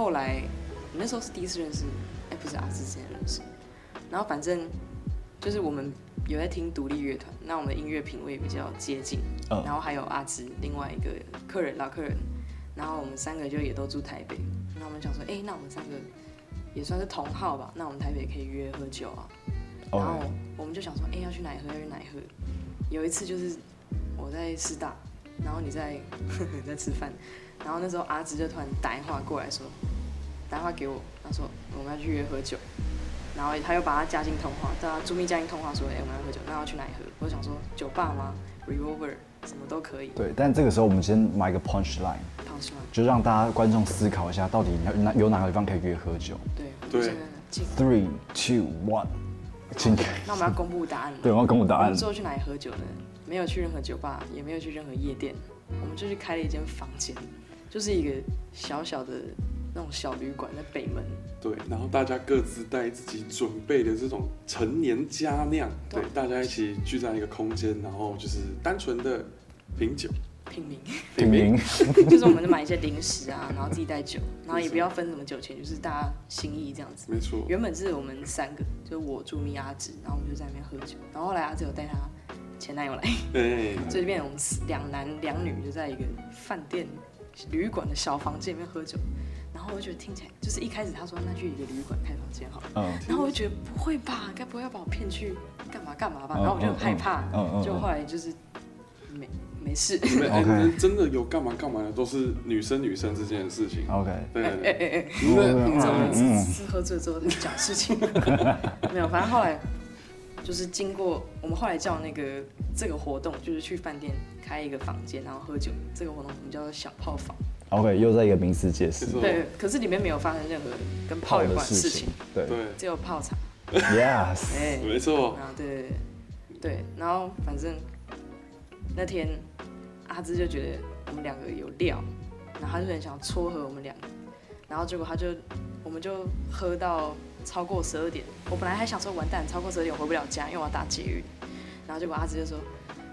後來，我那時候是第一次認識，哎、欸，不是阿枝，之前認識，然後反正就是我們有在聽獨立樂團，那我們的音樂品味比較接近，然後還有阿枝，另外一個客人老客人，然後我們三個就也都住台北，那我們想說，哎、欸，那我們三個也算是同好吧，那我們台北可以約喝酒啊，然後我們就想說，哎、欸，要去哪喝，要去哪喝？有一次就是我在師大，然後你在 (laughs) 在吃飯。然後那時候阿枝就突然打電話過來說，打電話給我，他說我們要去約喝酒，然後他又把他加進通話，大家朱咪加進通話說，哎、欸，我們要喝酒，那要去哪裡喝？我就想說酒吧嗎？Revolver 什麼都可以。對，但這個時候我們先買一個 punch line，punch line, punch line 就讓大家觀眾思考一下，到底哪，哪有哪個地方可以約喝酒？對，我們現在對，three two one，請給。那我們要公布答案了。對，我們要公布答案。我們最後去哪裡喝酒呢？沒有去任何酒吧，也沒有去任何夜店，我們就去開了一間房間。就是一個小小的那種小旅館，在北門。對，然後大家各自帶自己準備的這種成年佳釀，對，大家一起聚在一個空間，然後就是單純的品酒、拼命、拼命， (laughs) 就是我們就買一些零食啊，然後自己帶酒，然後也不要分什麼酒錢，就是大家心意這樣子。沒錯，原本是我們三個，就是我、朱咪、阿枝，然後我們就在那邊喝酒，然後後來阿枝有帶她前男友來，對，這邊我們兩男兩女就在一個飯店。旅館的小房間裡面喝酒，然後我就覺得聽起來就是一開始他說那去一個旅館開房間哈，嗯，然後我就覺得不會吧，該不會要把我騙去幹嘛幹嘛吧？然後我就很害怕，就後來就是沒沒事，OK，沒、欸、真的有幹嘛幹嘛的都是女生女生之間的事情，OK，對對對，沒、欸欸欸、有平常，就喝醉之後講事情，沒有，反正後來。就是經過我們後來叫那個這個活動，就是去飯店開一個房間，然後喝酒。這個活動我們叫做小泡房。OK，又在一個名詞解釋。對，可是裡面沒有發生任何跟泡有關的事情。事情對，對，只有泡茶。Yes。哎、欸，沒錯。啊，對對對。然後反正那天阿枝就覺得我們兩個有料，然後他就很想撮合我們兩個，然後結果他就我們就喝到超過十二點，我本來還想說完蛋，超過十二點我回不了家，因為我要打劫。然後結果阿枝就說，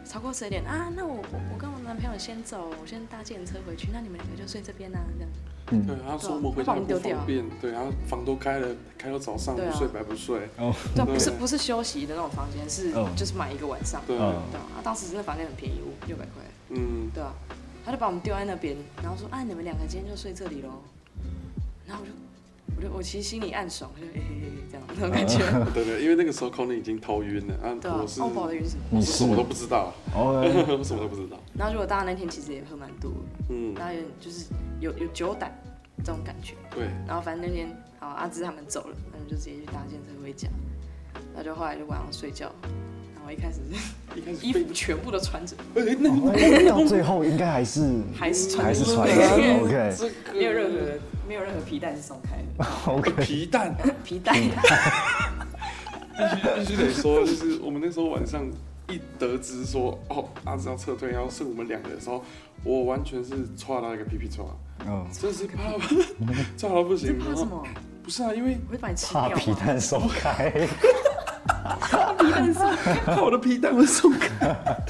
超過十二點啊，那我我跟我男朋友先走，我先搭計程車回去，那你們兩個就睡這邊吶、啊，這樣。嗯，對，他說我們回去家不丟掉。對，然後房都開了，開到早上、啊、不睡白不睡。哦、oh.，對，不是不是休息的那種房間，是就是買一個晚上。Oh. 對啊，對啊，對啊他當時真的房間很便宜，五六百塊。嗯，對啊，他就把我們丟在那邊，然後說，啊你們兩個今天就睡這裡嘍。然後我就。我就我其實心裡暗爽，就、欸、嘿嘿嘿這樣那種感覺。 (laughs) 對對、啊，因為那個時候可能已經頭暈了啊，對啊，我是我、哦、什麼，都不知道，我什麼都不知道。然後如果大家那天其實也喝蠻多的，嗯，大家就是有有酒膽這種感覺。對，然後反正那天好阿枝他們走了，然後就直接去搭計程車回家，那就後來就晚上睡覺。我一開始一開始衣服全部都穿着，哎、那那那 (laughs) 到最後應該還是還是穿，還是穿，OK，這個、沒有任何人沒有任何皮蛋是鬆開的 (laughs) ，OK，皮蛋皮蛋、嗯， (laughs) 必須必須得說，就是我們那時候晚上一得知說哦阿枝、啊、要撤退，然後剩我們兩個的時候，我完全是抓到一個皮皮抓，嗯、哦，真是怕，皮皮 (laughs) 抓到不行，怕什麼？不是啊，因為會把你吃掉，怕皮蛋鬆開。 (laughs) (laughs) 皮蛋 (laughs) 怕我的皮蛋會鬆開。 (laughs)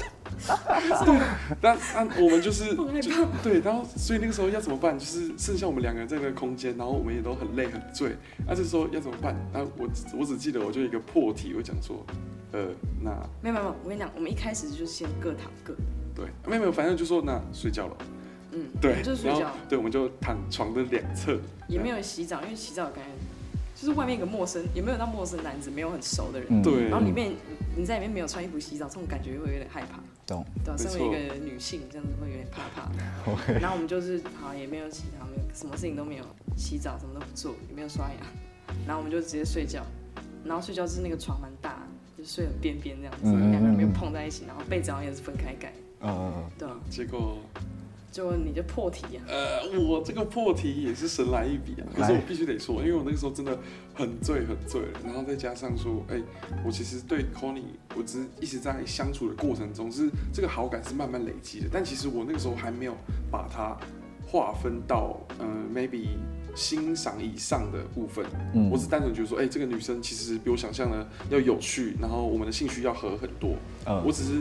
(laughs) 對，但我們就是，就對，然後所以那個時候要怎麼辦？就是剩下我們兩個人在那個空間，然後我們也都很累很醉。那、啊、就是說要怎麼辦？那我我只記得我就一個破題，我講說，呃，那沒有沒有，我跟你講，我們一開始就先各躺各。對，沒有沒有，反正就說那睡覺了。嗯，對，我們就是睡覺。對，我們就躺床的兩側。也沒有洗澡，因為洗澡感覺。就是外面一個陌生，也沒有那陌生男子，沒有很熟的人。嗯、對。然後裡面你在裡面沒有穿衣服洗澡，這種感覺會有點害怕。懂。對，身為一個女性，這樣子會有點怕怕。 (laughs) okay. 然後我們就是好像也沒有其他，沒有什麼事情都沒有，洗澡什麼都不做，也沒有刷牙。然後我們就直接睡覺。然後睡覺是那個床蠻大，就睡很邊邊這樣子，兩個人沒有碰在一起，然後被子好像也是分開蓋。嗯嗯、uh, 對。結果。就你的破題呀、啊？呃，我這個破題也是神來一筆啊！可是我必須得說，因為我那個時候真的很醉很醉了，然後再加上說，哎、欸，我其實對 Connie 我只是一直在相處的過程中，是這個好感是慢慢累積的。但其實我那個時候還沒有把它劃分到，嗯、呃、，maybe 欣賞以上的部分。嗯，我只單純覺得說，哎、欸，這個女生其實比我想象的要有趣，然後我們的興趣要合很多。嗯，我只是。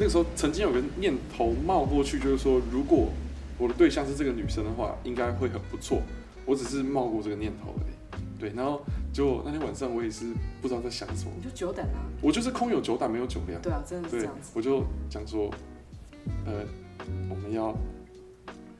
那個時候曾經有個念頭冒過去，就是說，如果我的對象是這個女生的話，應該會很不錯。我只是冒過這個念頭。對，然後結果那天晚上我也是不知道在想什麼？你就酒膽啊？我就是空有酒膽，沒有酒量。對啊，真的是這樣子。我就講說，呃，我們要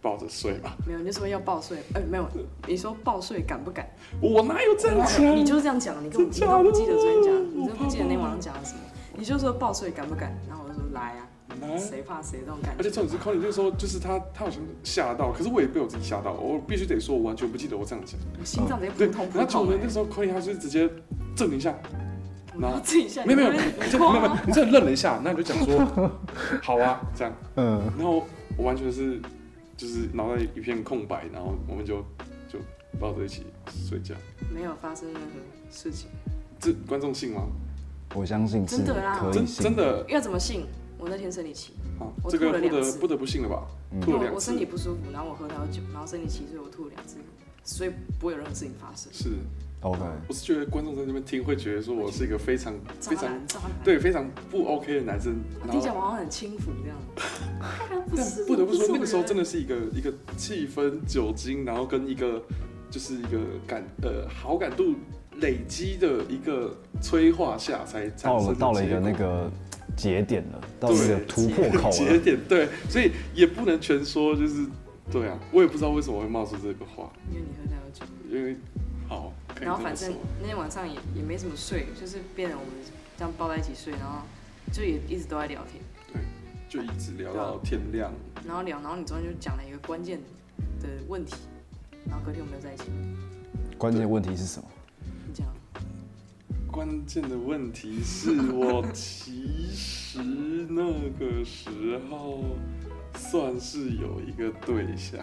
抱着睡吧。沒有，你就說要抱睡。哎、欸，沒有，你說抱睡敢不敢？我哪有真的。你就是這樣講，你跟我記都不記得昨天講，你真不記得那天晚上講了什麼。你就說抱睡敢不敢？然後我就說來啊誰、啊、怕誰這種感覺。而且重點是，Connie 那個時候就是他，他好像嚇到，可是我也被我自己嚇到。我必須得說，我完全不記得我這樣講。我心臟不痛。對，那後就我們那時候，Connie 他就直接證明一下，下，然後沒有沒有沒有沒有，你這樣愣了一下，那 (laughs) 你就講說好啊， (laughs) 這樣，嗯，然後我完全是就是腦袋一片空白，然後我們就就抱在一起睡覺，沒有發生任何事情。這觀眾信嗎？我相信，是信的，真的啦，真真的。要怎麼信？我那天生理期，啊、這個不得不得不信了吧？嗯、吐了兩、oh, 我身體不舒服，然後我喝到酒，然後生理期，所以我吐了兩次，所以不會有任何事情發生。是，OK。我是覺得觀眾在那邊聽會覺得說我是一個非常非常對，非常不 OK 的男生。我聽起來好像很輕浮這樣， (laughs) 不得不說那個時候真的是一個、嗯、一個氣氛酒精，然後跟一個就是一個感呃好感度。累積的一個催化下，才到了到了一個那個節點了，到了一個突破口節點。對，所以也不能全說就是對啊，我也不知道為什麼會冒出這個話。因為你喝太多酒。因為好。然後反正那天晚上也也沒怎麼睡，就是變了，我們這樣抱在一起睡，然後就也一直都在聊天。對，就一直聊到天亮。啊，然後聊，然後你昨天就講了一個關鍵的問題，然後隔天我們又在一起。關鍵問題是什麼？關鍵的問題是我其實那個時候算是有一個對象。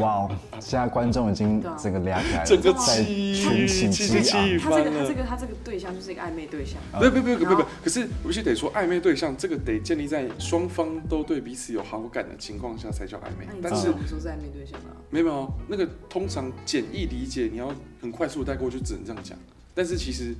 哇哦！現在觀眾已經整個亮起來了，整個七在群起激昂。他這個、他這個、他這個對象就是一個曖昧對象。嗯、不不不不不，不！可是我必須得說，曖昧對象這個得建立在雙方都對彼此有好感的情況下才叫曖昧、嗯。但是我們說曖昧對象啊，沒，沒有啊。那個通常簡易理解，你要很快速帶過去，只能這樣講。但是其實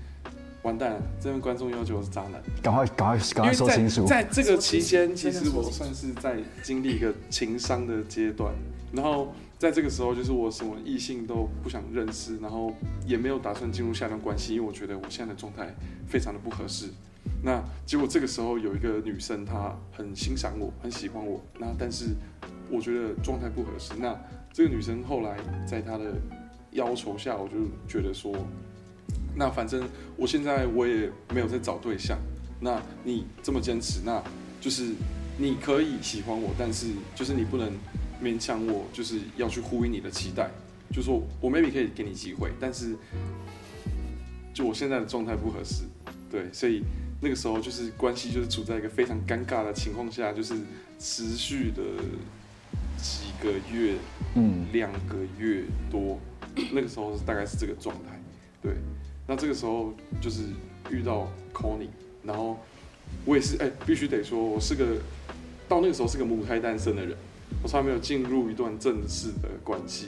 完蛋了，這位觀眾要求我是渣男，趕快趕快趕快說清楚在。在這個期間，其實我算是在經歷一個情傷的階段。然後在這個時候，就是我什麼異性都不想認識，然後也沒有打算進入下一段關係，因為我覺得我現在的狀態非常的不合適。那結果這個時候有一個女生，她很欣賞我，很喜歡我。那但是我覺得狀態不合適。那這個女生後來在她的要求下，我就覺得說。那反正我現在我也沒有在找對象，那你這麼堅持，那就是你可以喜歡我，但是就是你不能勉強我，就是要去呼應你的期待，就是說我 maybe 可以給你機會，但是就我現在的狀態不合適，對，所以那個時候就是關係就是處在一個非常尷尬的情況下，就是持續的幾個月，嗯，兩個月多，那個時候大概是這個狀態，對。那這個時候就是遇到 Connie，然後我也是哎、欸，必須得說，我是個到那個時候是個母胎單身的人，我從來沒有進入一段正式的關係。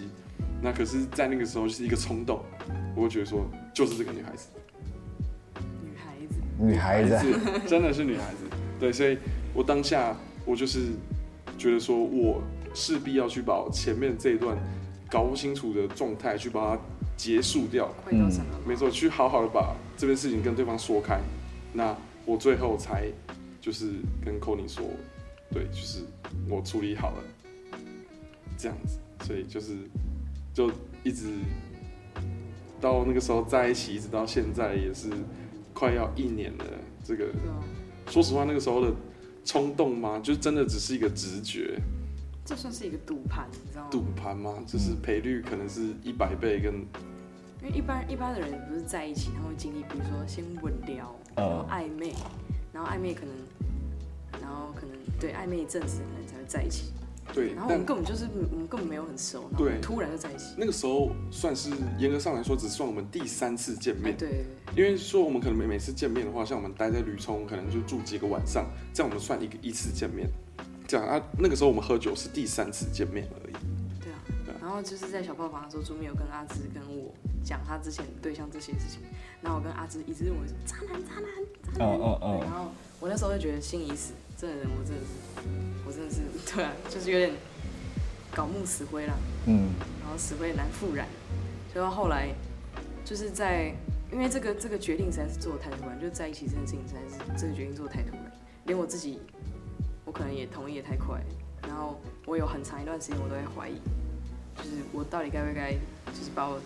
那可是，在那個時候是一個衝動，我會覺得說就是這個女孩子，女孩子，女孩子，是真的是女孩子。對，所以我當下我就是覺得說，我勢必要去把前面這一段搞不清楚的狀態去把它。結束掉了、嗯，沒錯，去好好的把這件事情跟對方說開。那我最後才就是跟 Connie 說，對，就是我處理好了，這樣子。所以就是就一直到那個時候在一起，一直到現在也是快要一年了。這個、哦、說實話，那個時候的衝動嗎？就真的只是一個直覺。這算是一個賭盤，你知道嗎？賭盤嗎？就是賠率可能是一百倍跟。因為一般一般的人不是在一起，他會經歷，比如說先穩聊，然後曖昧，然後曖昧可能，然後可能對曖昧一陣子，可能才會在一起。對，然後我們根本就是我們根本沒有很熟，對，突然就在一起。那個時候算是嚴格上來說，只算我們第三次見面。欸、對，因為說我們可能每每次見面的話，像我們待在旅充，可能就住幾個晚上，這樣我們算一個一次見面。這樣啊，那個時候我們喝酒是第三次見面而已。就是在小套房的時候，朱咪有跟阿枝跟我講他之前對象這些事情，然後我跟阿枝一直認為渣男渣男渣男，oh, oh, oh.，然後我那時候就覺得心已死，這個人我真的是我真的是對、啊，就是有點槁木死灰了，嗯，然後死灰也難復燃，所以到後來就是在因為這個這個決定實在是做的太突然，就在一起這件事情實在是這個決定、這個、決定做的太突然，連我自己我可能也同意也太快，然後我有很長一段時間我都在懷疑。就是我到底該不該，就是把我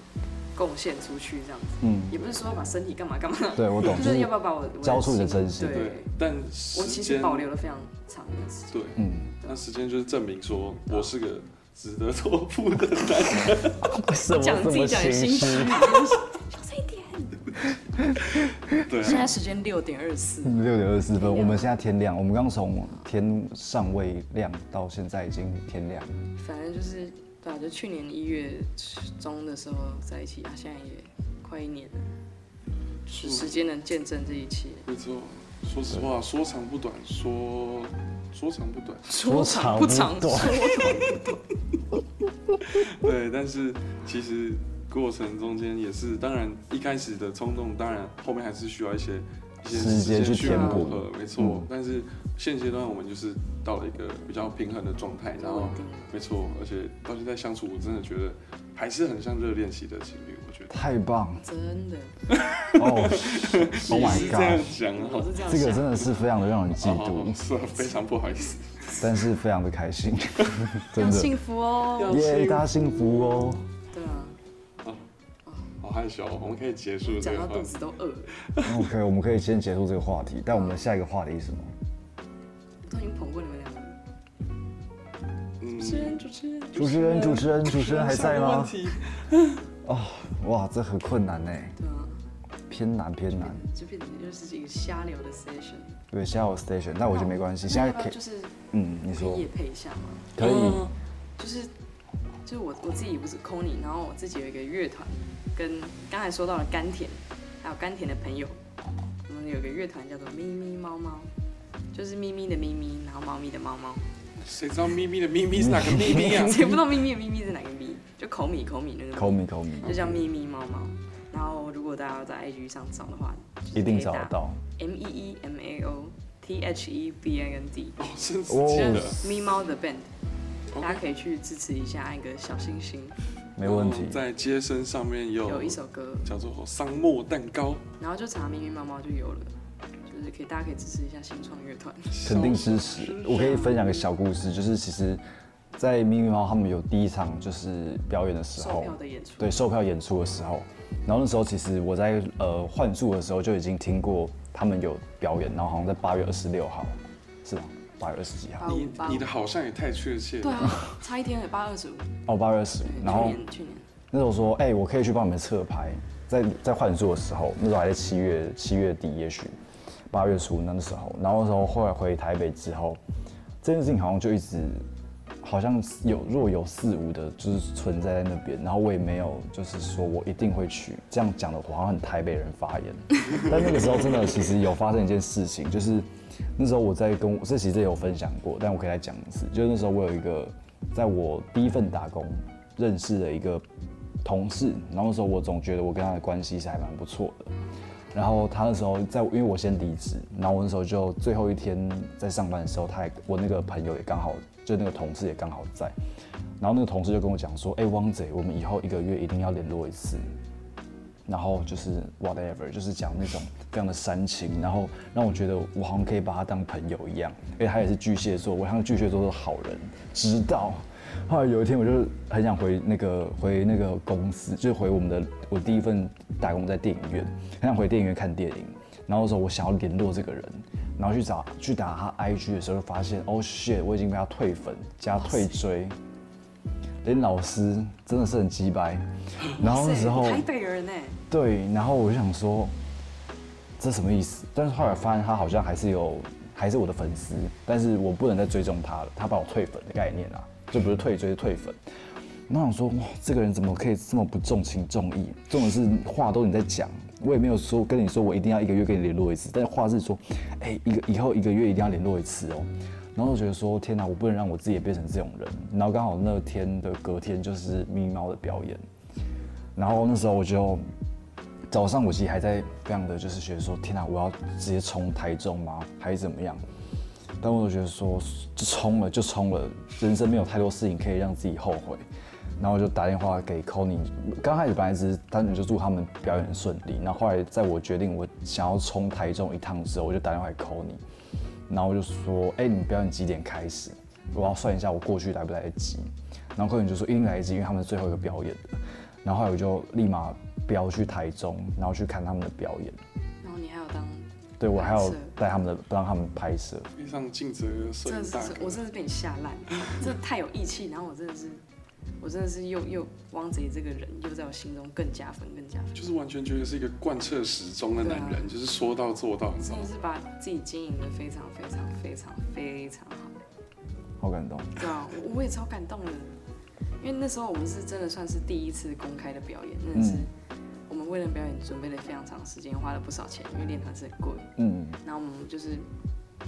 貢獻出去這樣子，嗯，也不是說把身體幹嘛幹嘛，對， (laughs) 對我懂，就是要不要把我交出去的真心，對，但我其實保留了非常長的時間，對，嗯，那時間就是證明說，我是個值得托付的男人，怎、嗯、 (laughs) 什麼講也 (laughs) 心虛？就 (laughs) 小聲、啊、一點，對、啊，現在時間六點二十四，六點二十四分，我們現在天亮，啊、我們剛從天尚未亮到現在已經天亮，反正就是。對、啊，就去年一月中的時候在一起，啊、現在也快一年了。嗯、時間能見證這一切。沒錯，說實話，說長不短，說說長不短，說長不長，說長不短。不短不短 (laughs) (laughs) 對，但是其實過程中間也是，當然一開始的衝動，當然後面還是需要一些，一些時間去填補。沒錯，嗯、但是。現階段我們就是到了一個比較平衡的狀態，然後沒錯，而且到現在相處，我真的覺得還是很像熱戀期的情侶，我覺得太棒，真的。哦、oh, oh、，My God，這，樣這個真的是非常的讓人嫉妒，oh, oh, oh, oh, oh, 非常不好意思， (laughs) 但是非常的開心， (laughs) (laughs) 真的。要幸福哦，耶、yeah,，大家幸福哦。對啊，啊，好害羞，我們可以結束這個講到肚子都餓了。OK，我們可以先結束這個話題， (laughs) 但我們的下一個話題是什麼？都已經捧過你們兩個，主持人，主持人，主持人，主持人，主持人還在嗎？ (laughs) 哦，哇，這很困難呢。對啊，偏難，偏難。這邊，這邊就是一個瞎聊的 station，一個下 station，那、嗯、我覺得沒關係，現在可以，就是，嗯，你說。配一下嘛？可以、嗯。就是，就是我我自己不是 Connie，然後我自己有一個樂團，跟剛才說到了甘恬，還有甘恬的朋友，我們有一個樂團叫做咪咪貓貓。就是咪咪的咪咪，然後貓咪的貓貓。誰知道咪咪的咪咪是哪個咪咪啊？ (laughs) (laughs) (laughs) 也不知道咪咪的咪咪是哪個咪，就口米、口米，那個。口咪口咪。Call me call me. 就叫咪咪貓貓，貓，貓、嗯。然後如果大家要在 IG 上找的話，就是、打一定找得到。M E E M A O T H E B N D。哦，真的。咪貓的 Band、哦。大家可以去支持一下，按個小星星。沒問題。哦、在街聲上面有有一首歌叫做《沙漠蛋糕》，然後就查咪咪，咪貓，貓貓就有了。就是可以，大家可以支持一下新創樂團，肯定支持。我可以分享個小故事，就是其實，在咪咪貓他們有第一場就是表演的時候，對售票演出的時候，然後那時候其實我在呃換宿的時候就已經聽過他們有表演，然後好像在八月二十六號，是吧？八月二十幾號？你你的好像也太確切了，對啊，差一天，八、 (laughs) oh, 月二十五。哦，八月二十五。然後去年，去年那時候說，哎、欸，我可以去幫你們側拍，在在換宿的時候，那時候還在七月，七月底也許，八月初那個時候，然後那時候後來回台北之後，這件事情好像就一直，好像有若有似無的，就是存在在那邊。然後我也沒有，就是說我一定會去。這樣講的話，好像很台北人發言。但那個時候真的，其實有發生一件事情，就是那時候我在跟我，這其實這也有分享過，但我可以來講一次。就是那時候我有一個，在我第一份打工認識的一個同事，然後那時候我總覺得我跟他的關係是還蠻不錯的。然後他那時候在，因為我先離職，然後我那時候就最後一天在上班的時候，他也，我那個朋友也剛好，就那個同事也剛好在，然後那個同事就跟我講說，哎、欸，汪賊，我們以後一個月一定要聯絡一次，然後就是 whatever，就是講那種非常的煽情，然後讓我覺得我好像可以把他當朋友一樣，因為他也是巨蟹座，我像巨蟹座的好人，知道。後來有一天，我就很想回那個回那個公司，就回我們的我第一份打工在電影院，很想回電影院看電影。然後說，我想要聯絡這個人，然後去找去打他 IG 的時候，就發現哦、oh、shit，我已經被他退粉加退追，連老師、欸、老師真的是很雞掰、嗯。然後那時候台北人呢？對，然後我就想說，這什麼意思？但是後來發現他好像還是有、嗯、還是我的粉絲，但是我不能再追蹤他了，他把我退粉的概念啊。就不是退追是退粉，然後想說哇，這個人怎麼可以這麼不重情重義？重點是話都你在講，我也沒有說跟你說我一定要一個月跟你聯絡一次，但是話是說，哎、欸，一個以後一個月一定要聯絡一次哦。然後我就覺得說天哪、啊，我不能讓我自己也變成這種人。然後剛好那天的隔天就是咪貓的表演，然後那時候我就早上，我其實還在非常的就是覺得說天哪、啊，我要直接衝台中嗎？還是怎麼樣？但我就覺得說，衝了就衝了，人生沒有太多事情可以讓自己後悔。然後我就打電話給 Connie，剛開始本來只，就是單純就祝他們表演順利。然後後來在我決定我想要衝台中一趟之後，我就打電話給 Connie，然後我就說，哎、欸，你們表演幾點開始？我要算一下我過去來不來得及。然後 Connie 就說一定來得及，因為他們是最後一個表演的。然後，後來我就立馬飆去台中，然後去看他們的表演。對，我還要帶他們的，讓他們拍攝。非上鏡子，真的是，是，我真的是被你嚇爛，這 (laughs) 太有義氣。然後我真的是，我真的是又又汪賊這個人又在我心中更加分，更加分。就是完全覺得是一個貫徹始終的男人，啊，就是說到做到，你知道你真的是把自己經營的非常非常非常非常好。好感動。對 (laughs) 啊，我也超感動的，因為那時候我們是真的算是第一次公開的表演，真的是。為了表演準備了非常長時間，花了不少錢，因為練團是很貴。嗯，然後我們就是，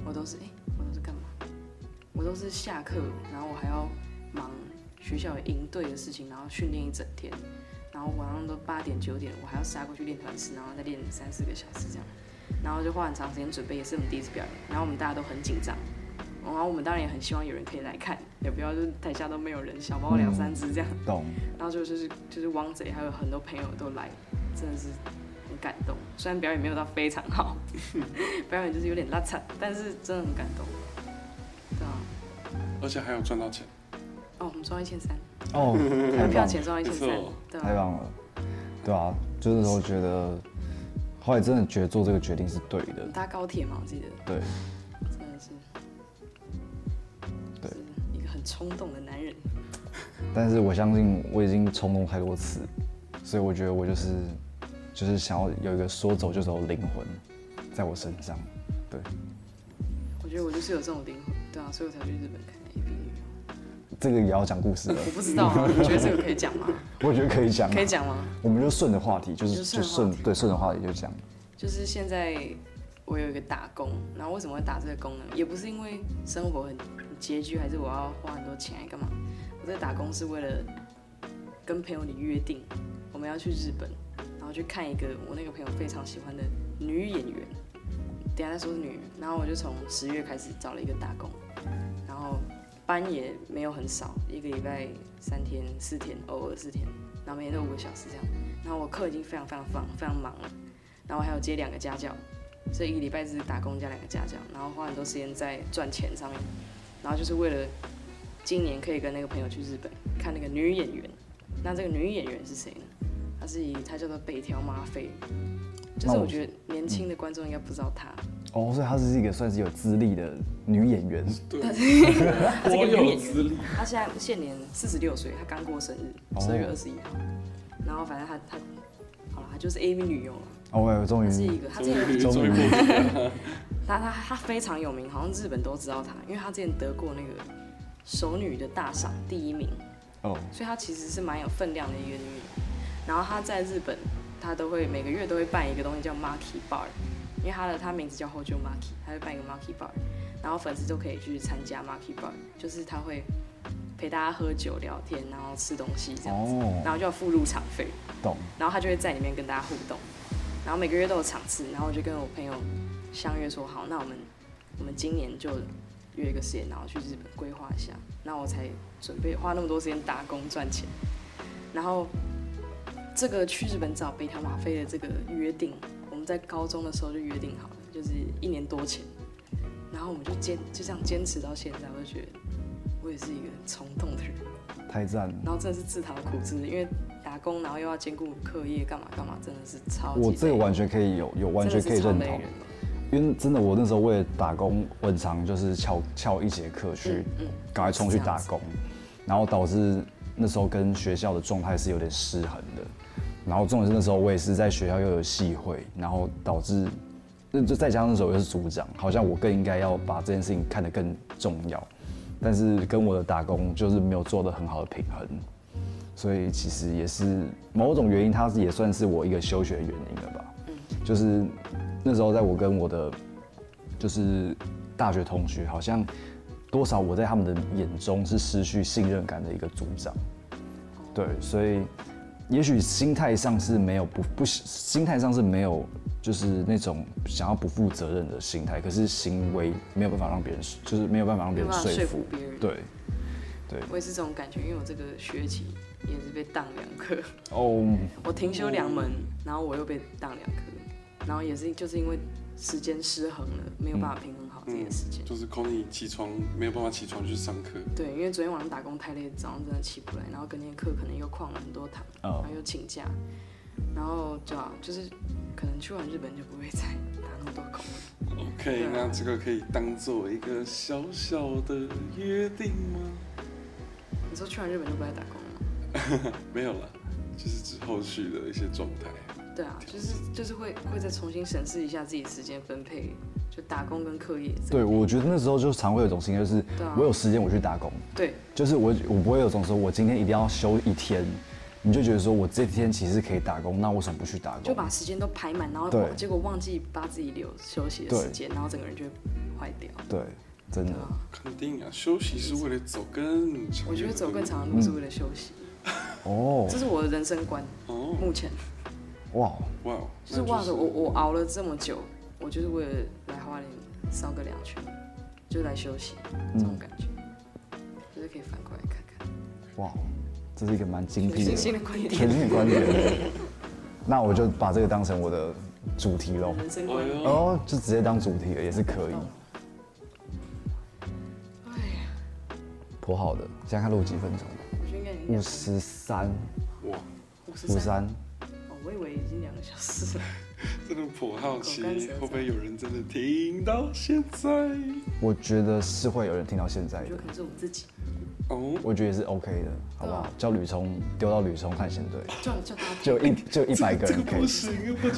我都是，誒我都是幹嘛？我都是下課，然後我還要忙學校營隊的事情，然後訓練一整天，然後晚上都八點九點，我還要殺過去練團室，然後再練三四個小時這樣。然後就花很長時間準備，也是我們第一次表演。然後我們大家都很緊張，然後我們當然也很希望有人可以來看，也不要就台下都沒有人，小貓兩三隻這樣。嗯，懂。然後就是就是汪賊，還有很多朋友都來。真的是很感動，雖然表演沒有到非常好，呵呵表演就是有點拉慘，但是真的很感動，對啊。而且還有賺到錢，哦，我們賺到一千三，哦，門票錢賺到一千三，太棒了，太棒了，對啊，就是我覺得，後來真的覺得做這個決定是對的，搭高鐵嘛，我記得，對，真的是，對，一個很衝動的男人，但是我相信我已經衝動太多次，所以我覺得我就是。就是想要有一個說走就走的靈魂，在我身上，對。我覺得我就是有這種靈魂，對啊，所以我才去日本看 A P，這個也要講故事了，嗯。我不知道，啊，你覺得這個可以講嗎？ (laughs) 我覺得可以講。可以講嗎？我們就順着話題，就是就順對順着話題就講。就是現在我有一個打工，然後為什麼會打這個工呢？也不是因為生活很拮據，還是我要花很多錢幹嘛？我在打工是為了跟朋友的約定，我們要去日本。然後去看一個我那個朋友非常喜歡的女演員，等下再說是女。然後我就從十月開始找了一個打工，然後班也沒有很少，一個禮拜三天四天，偶爾四天，然後每天都五個小時這樣。然後我課已經非常非常非常非常忙了。然後我還有接兩個家教，所以一個禮拜是打工加兩個家教，然後花很多時間在賺錢上面。然後就是為了今年可以跟那個朋友去日本看那個女演員，那這個女演員是誰呢？她是以她叫做北條麻妃，就是我覺得年輕的觀眾應該不知道她。哦，所以她是一個算是有資歷的女演員。對，她 (laughs) 是一個女演員。她現在現年四十六歲，她剛過生日，十二月二十一號、哦。然後反正她她，好了，她就是 AV 女優了。OK，、哦、我、哎、終於知是一個，她是一個女演她她她非常有名，好像日本都知道她，因為她之前得過那個熟女的大賞第一名。哦。所以她其實是蠻有分量的一個女演然後他在日本，他都會每個月都會辦一個東西叫 Maki Bar，因為他的他名字叫 Hojo Maki，他會辦一個 Maki Bar，然後粉絲都可以去參加 Maki Bar，就是他會陪大家喝酒聊天，然後吃東西這樣子，哦、然後就要付入場費。懂。然後他就會在裡面跟大家互動，然後每個月都有場次，然後我就跟我朋友相約說好，那我們我們今年就約一個時間，然後去日本規劃一下，那我才準備花那麼多時間打工賺錢，然後。這個去日本找北條馬飛的這個約定，我們在高中的時候就約定好了，就是一年多前，然後我們就堅就這樣堅持到現在，我就覺得我也是一個很衝動的人，太讚了。然後真的是自討苦吃，因為打工，然後又要兼顧課業，幹嘛幹嘛，真的是超級。我這個完全可以有有完全可以認同，因為真的我那時候為了打工，很常就是翹翹一節課去，嗯嗯，趕快衝去打工，然後導致那時候跟學校的狀態是有點失衡的。然後，重點是那時候我也是在學校又有系會，然後導致，那就再加上那時候又是組長，好像我更應該要把這件事情看得更重要，但是跟我的打工就是沒有做得很好的平衡，所以其實也是某種原因，它也算是我一個休學的原因了吧。就是那時候在我跟我的就是大學同學，好像多少我在他們的眼中是失去信任感的一個組長，對，所以。也許心態上是沒有不不心態上是沒有就是那種想要不負責任的心態，可是行為沒有辦法讓別人就是沒有辦法讓別人說服別人。對，對。我也是這種感覺，因為我這個學期也是被當兩科。哦、oh, um,。我停修兩門，然後我又被當兩科，然後也是就是因為時間失衡了，沒有辦法平衡。嗯。嗯、這就是靠你起床沒有辦法起床去上課。對，因為昨天晚上打工太累，早上真的起不來，然後跟那個課可能又曠了很多堂，oh. 然後又請假，然後就、啊、就是可能去完日本就不會再打那麼多工了。OK，、啊、那這個可以當做一個小小的約定嗎？你說去完日本就不再打工了 (laughs) 沒有了，就是指後續的一些狀態。對啊，就是就是會會再重新審視一下自己時間分配。就打工跟課業，對，我覺得那時候就常會有一種心就是對、啊，我有時間我去打工，對，就是我我不會有種說，我今天一定要休一天，你就覺得說我這天其實可以打工，那為什麼不去打工？就把時間都排滿，然後結果忘記把自己留休息的時間，然後整個人就壞掉。對，真的、啊，肯定啊，休息是為了走更長。我覺得走更長的路是為了休息。哦， (laughs) 這是我的人生觀，哦，目前。哇哇、就是，就是哇！我我熬了這麼久。我就是為了來花蓮燒個兩圈，就來休息、嗯，這種感覺，就是可以反過來看看。哇，這是一個蠻精闢的甜蜜觀點、觀點。那我就把這個當成我的主題嘍。哦，就直接當主題了，也是可以。哦、哎呀，頗好的，現在看錄幾分鐘？五十三。哇。五十三。哦，我以為已經兩個小時了。真的頗好奇著著著，會不會有人真的聽到現在？我覺得是會有人聽到現在的，我覺得可能是我們自己。哦、oh.，我覺得也是 OK 的，好不好？叫旅充丟到旅充探險隊，叫叫他，就一就一百個人 OK、這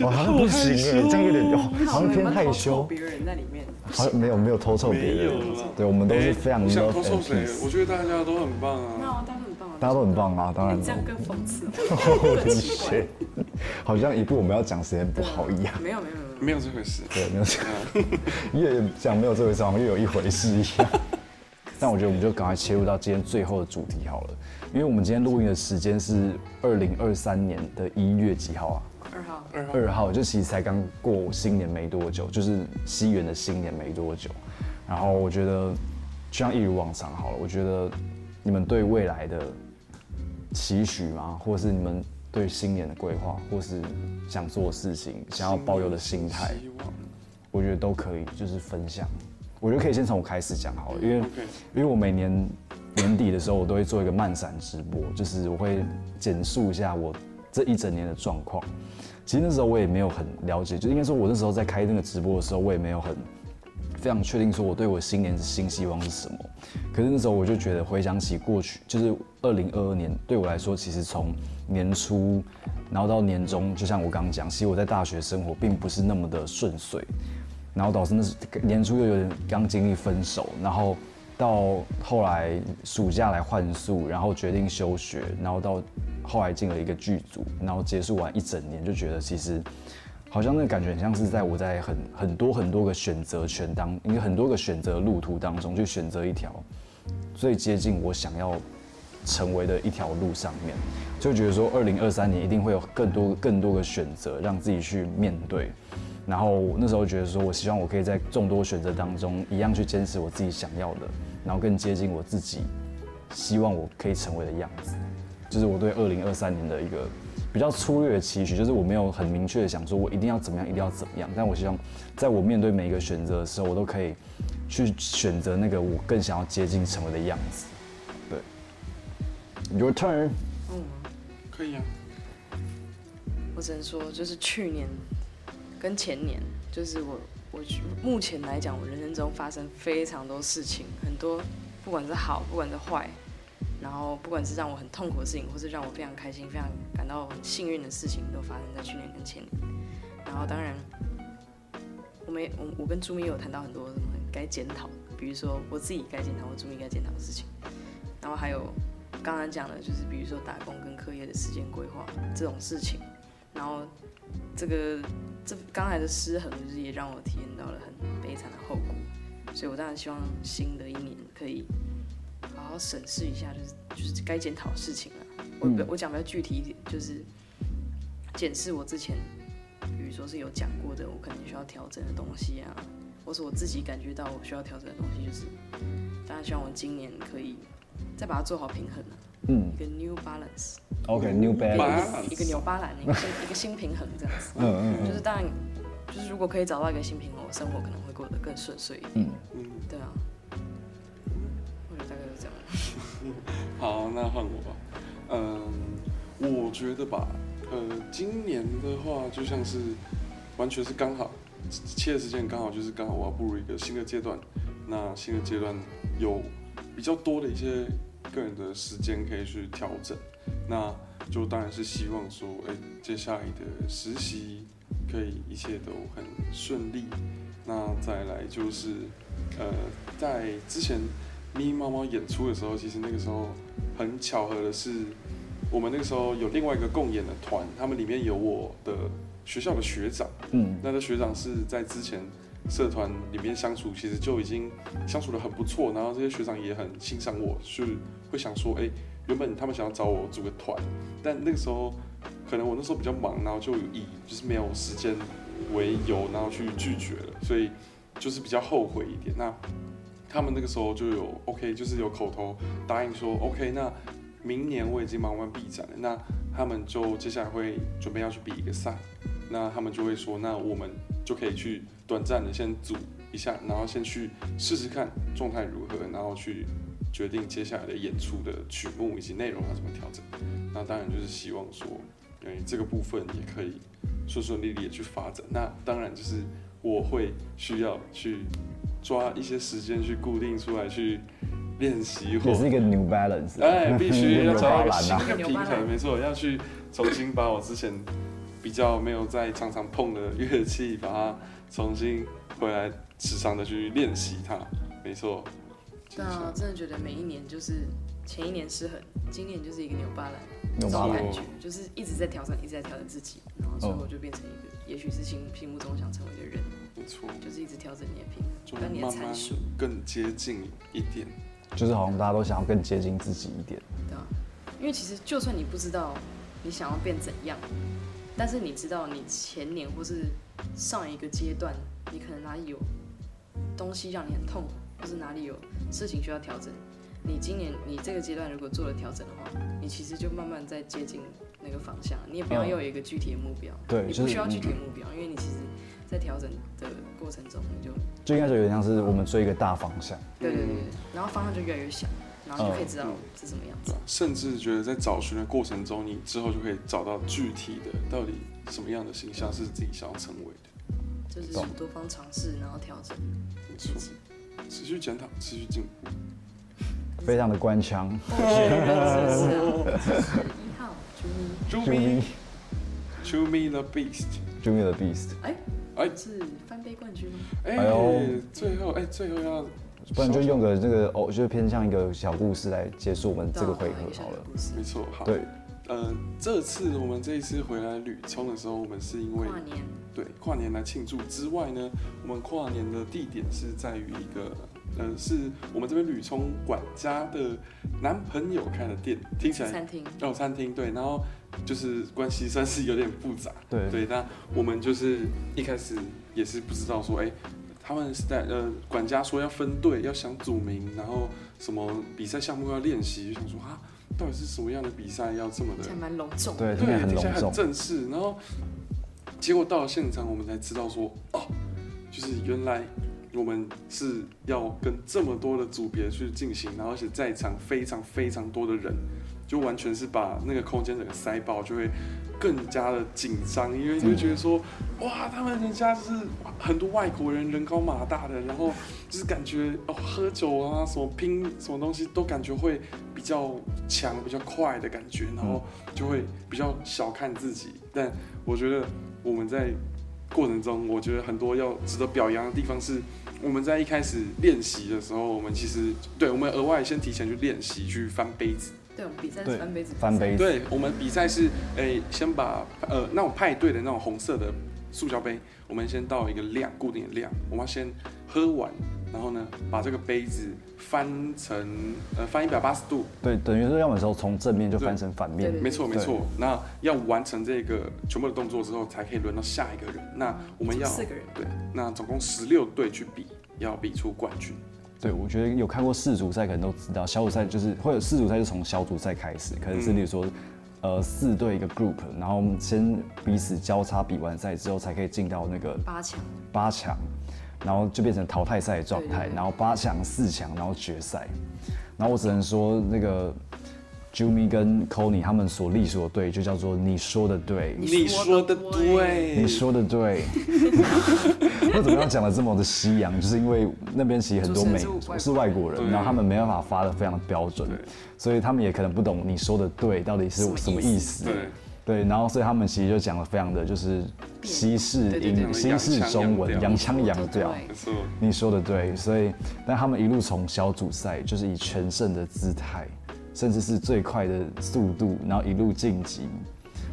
個。我好，好像不行耶，這樣有點，好，好像偏害羞。好有沒有偷臭別人在裡面，好像沒有沒有，沒有偷臭別人。對，我們都是非常 open。我覺得大家都很棒啊。大家都很棒啊，欸、當然。這樣更諷刺。謝 (laughs) 謝奇。 (laughs) 好像一部我們要講時間不好一樣。沒有沒有沒有沒有，沒有這回事。對，沒有這回 (laughs) (laughs) 越講沒有這回事，好像越有一回事一、啊、樣。 (laughs) 但我覺得我們就趕快切入到今天最後的主題好了，因為我們今天錄音的時間是二零二三年的一月幾號啊？二號。二號。二號就其實才剛過新年沒多久，就是西元的新年沒多久。然後我覺得，就像一如往常好了。我覺得你們對未來的。期許嗎？或是你們對新年的規劃，或是想做的事情、想要抱有的心態，我覺得都可以，就是分享。我覺得可以先從我開始講好了，因為因為我每年年底的時候，我都會做一個漫散直播，就是我會簡述一下我這一整年的狀況。其實那時候我也沒有很了解，就應該說，我那時候在開那個直播的時候，我也沒有很。非常確定說，我對我新年的新希望是什麼。可是那時候我就覺得，回想起過去，就是二零二二年對我來說，其實從年初，然後到年終，就像我剛剛講，其實我在大學生活並不是那麼的順遂，然後導致那年初又有點剛經歷分手，然後到後來暑假來換宿，然後決定休學，然後到後來進了一個劇組，然後結束完一整年，就覺得其實。好像那個感覺很像是在我在很很多很多個選擇、權當中，因為很多個選擇路途當中去選擇一條最接近我想要成為的一條路上面，就覺得說二零二三年一定會有更多更多的選擇讓自己去面對，然後那時候覺得說我希望我可以在眾多選擇當中一樣去堅持我自己想要的，然後更接近我自己希望我可以成為的樣子，就是我對二零二三年的一個。比較粗略的期許，就是我沒有很明確的想說，我一定要怎麼樣，一定要怎麼樣。但我希望，在我面對每一個選擇的時候，我都可以去選擇那個我更想要接近成為的樣子。對，Your turn。嗯，可以啊。我只能說，就是去年跟前年，就是我我目前來講，我人生中發生非常多事情，很多不管是好，不管是壞。然後，不管是讓我很痛苦的事情，或是讓我非常開心、非常感到很幸運的事情，都發生在去年跟前年。然後，當然，我沒我我跟朱咪有談到很多什麼該檢討，比如說我自己該檢討，我朱咪該檢討的事情。然後還有剛才講的，就是比如說打工跟課業的時間規劃這種事情。然後這個這剛才的失衡，就是也讓我體驗到了很悲慘的後果。所以我當然希望新的一年可以。好好審視一下，就是就是該檢討的事情了、啊。我、嗯、我講比較具體一點，就是檢視我之前，比如說是有講過的，我可能需要調整的東西啊，或是我自己感覺到我需要調整的東西，就是當然希望我今年可以再把它做好平衡、啊，嗯，一個 new balance，OK，new balance，, okay, new balance,、嗯、一, balance 一個紐巴蘭 (laughs) 一個新平衡這樣子，嗯嗯，嗯，就是當然就是如果可以找到一個新平衡，我生活可能會過得更順遂一點，嗯，對啊。 (laughs) 好，那換我吧。嗯，我覺得吧，呃，今年的話就像是，完全是剛好，切的時間剛好就是剛好我要步入一個新的階段，那新的階段有比較多的一些個人的時間可以去調整，那就當然是希望說，哎、欸，接下來的實習可以一切都很順利。那再來就是，呃，在之前，咪咪貓貓演出的時候，其實那個時候很巧合的是，我們那個時候有另外一個共演的團，他們裡面有我的學校的學長，嗯，那個學長是在之前社團裡面相處，其實就已經相處得很不錯，然後這些學長也很欣賞我，就會想說，哎、欸，原本他們想要找我組個團，但那個時候可能我那時候比較忙，然後就以就是沒有時間為由，然後去拒絕了，所以就是比較後悔一點，那。他們那個時候就有 OK，就是有口頭答應說 OK，那明年我已經忙完畢展了，那他們就接下來會準備要去比一個賽，那他們就會說，那我們就可以去短暫的先組一下，然後先去試試看狀態如何，然後去決定接下來的演出的曲目以及內容要怎麼調整。那當然就是希望說，哎，這個部分也可以順順利利的去發展。那當然就是我會需要去。抓一些時間去固定出來去練習，也是一個 new balance，哎， (laughs) 必須要抓一個新的平衡，沒錯，要去重新把我之前比較沒有在常常碰的樂器， (laughs) 把它重新回來時常的去練習它，沒錯。那、啊、真的覺得每一年就是前一年是很，今年就是一個 New Balance，這種感覺就是一直在挑戰，一直在挑戰自己，然後最後就變成一個，oh. 也許是心心目中想成為的人。就是一直調整你的平衡，你的參數更接近一點。就是好像大家都想要更接近自己一點。對啊，因為其實就算你不知道你想要變怎樣，但是你知道你前年或是上一個階段，你可能哪裡有東西讓你很痛或、就是哪裡有事情需要調整。你今年你這個階段如果做了調整的話，你其實就慢慢在接近那個方向。你也不要有一個具體的目標，嗯、對你不需要具體的目標，就是嗯、因為你其實。在調整的過程中，你就就應該有點像是我們追一個大方向，嗯，對對對，然後方向就越來越小，然後就可以知道，嗯、是什麼樣子。甚至覺得在找尋的過程中，你之後就可以找到具體的到底什麼樣的形象是自己想要成為的。就是多方嘗試，然後調整，持續持續檢討，持續進步，非常的官腔。對對、啊、是對、啊就是、一號朱咪，朱 (laughs) 咪，the beast，朱咪 the beast。哎。哎，是翻杯冠軍嗎？哎，最後哎，最後要不然就用個這個哦，就是偏向一個小故事來結束我們這個回合好了。嗯、沒錯，好，對，呃，這次我們這一次回來旅充的時候，我們是因為跨年，對，跨年來慶祝之外呢，我們跨年的地點是在於一個。嗯、呃，是我們這邊旅充管家的男朋友開的店，聽起來餐廳，哦，餐、嗯、廳對，然後就是關係算是有點複雜，對對，但我們就是一開始也是不知道說，哎、欸，他們是在呃管家說要分隊，要想組名，然後什麼比賽項目要練習，就想說啊，到底是什麼樣的比賽要這麼的，蠻隆、隆重，對對，聽起來很正式，然後結果到了現場，我們才知道說哦，就是原來，我們是要跟這麼多的組別去進行，然後而且在場非常非常多的人，就完全是把那個空間整個塞爆，就會更加的緊張，因為你會覺得說，哇，他們人家就是很多外國人人高馬大的，然後就是感覺哦喝酒啊什麼拼什麼東西都感覺會比較強、比較快的感覺，然後就會比較小看自己。但我覺得我們在過程中，我覺得很多要值得表揚的地方是。我們在一開始練習的時候，我們其實對我們額外先提前去練習去翻杯子。對，我們比賽是翻杯子。翻杯子。對，我們比賽是哎、欸，先把呃那種派對的那種紅色的塑膠杯，我們先倒一個量固定的量，我們要先喝完，然後呢把這個杯子翻成呃翻一百八十度。對，等於說要麼時候從正面就翻成反面。沒錯沒錯。那要完成這個全部的動作之後，才可以輪到下一個人。那我們要四個人。對。那總共十六隊去比。要比出冠軍，對，我覺得有看過世足賽可能都知道，小組賽就是、嗯、會有世足賽就從小組賽開始，可能是例如說，嗯、呃，四隊一個 group，然後我們，先彼此交叉比完賽之後才可以進到那個八強，八強，然後就變成淘汰賽的狀態，然後八強、四強，然後決賽，然後我只能說那個。朱咪跟 Connie 他們所力所對就叫做你說的對，你說的對，你說的對。我 (laughs) 怎麼樣講了這麼的西洋， (laughs) 就是因為那邊其實很多美是外國人，然後他們沒辦法發的非常的標準，的的標準，所以他們也可能不懂你說的對到底是什麼意思。意思對，對，然後所以他們其實就講的非常的就是西式英對對對西式中文，洋腔洋調。你說的對，所以但他們一路從小組賽就是以全勝的姿態。甚至是最快的速度，然後一路晉級。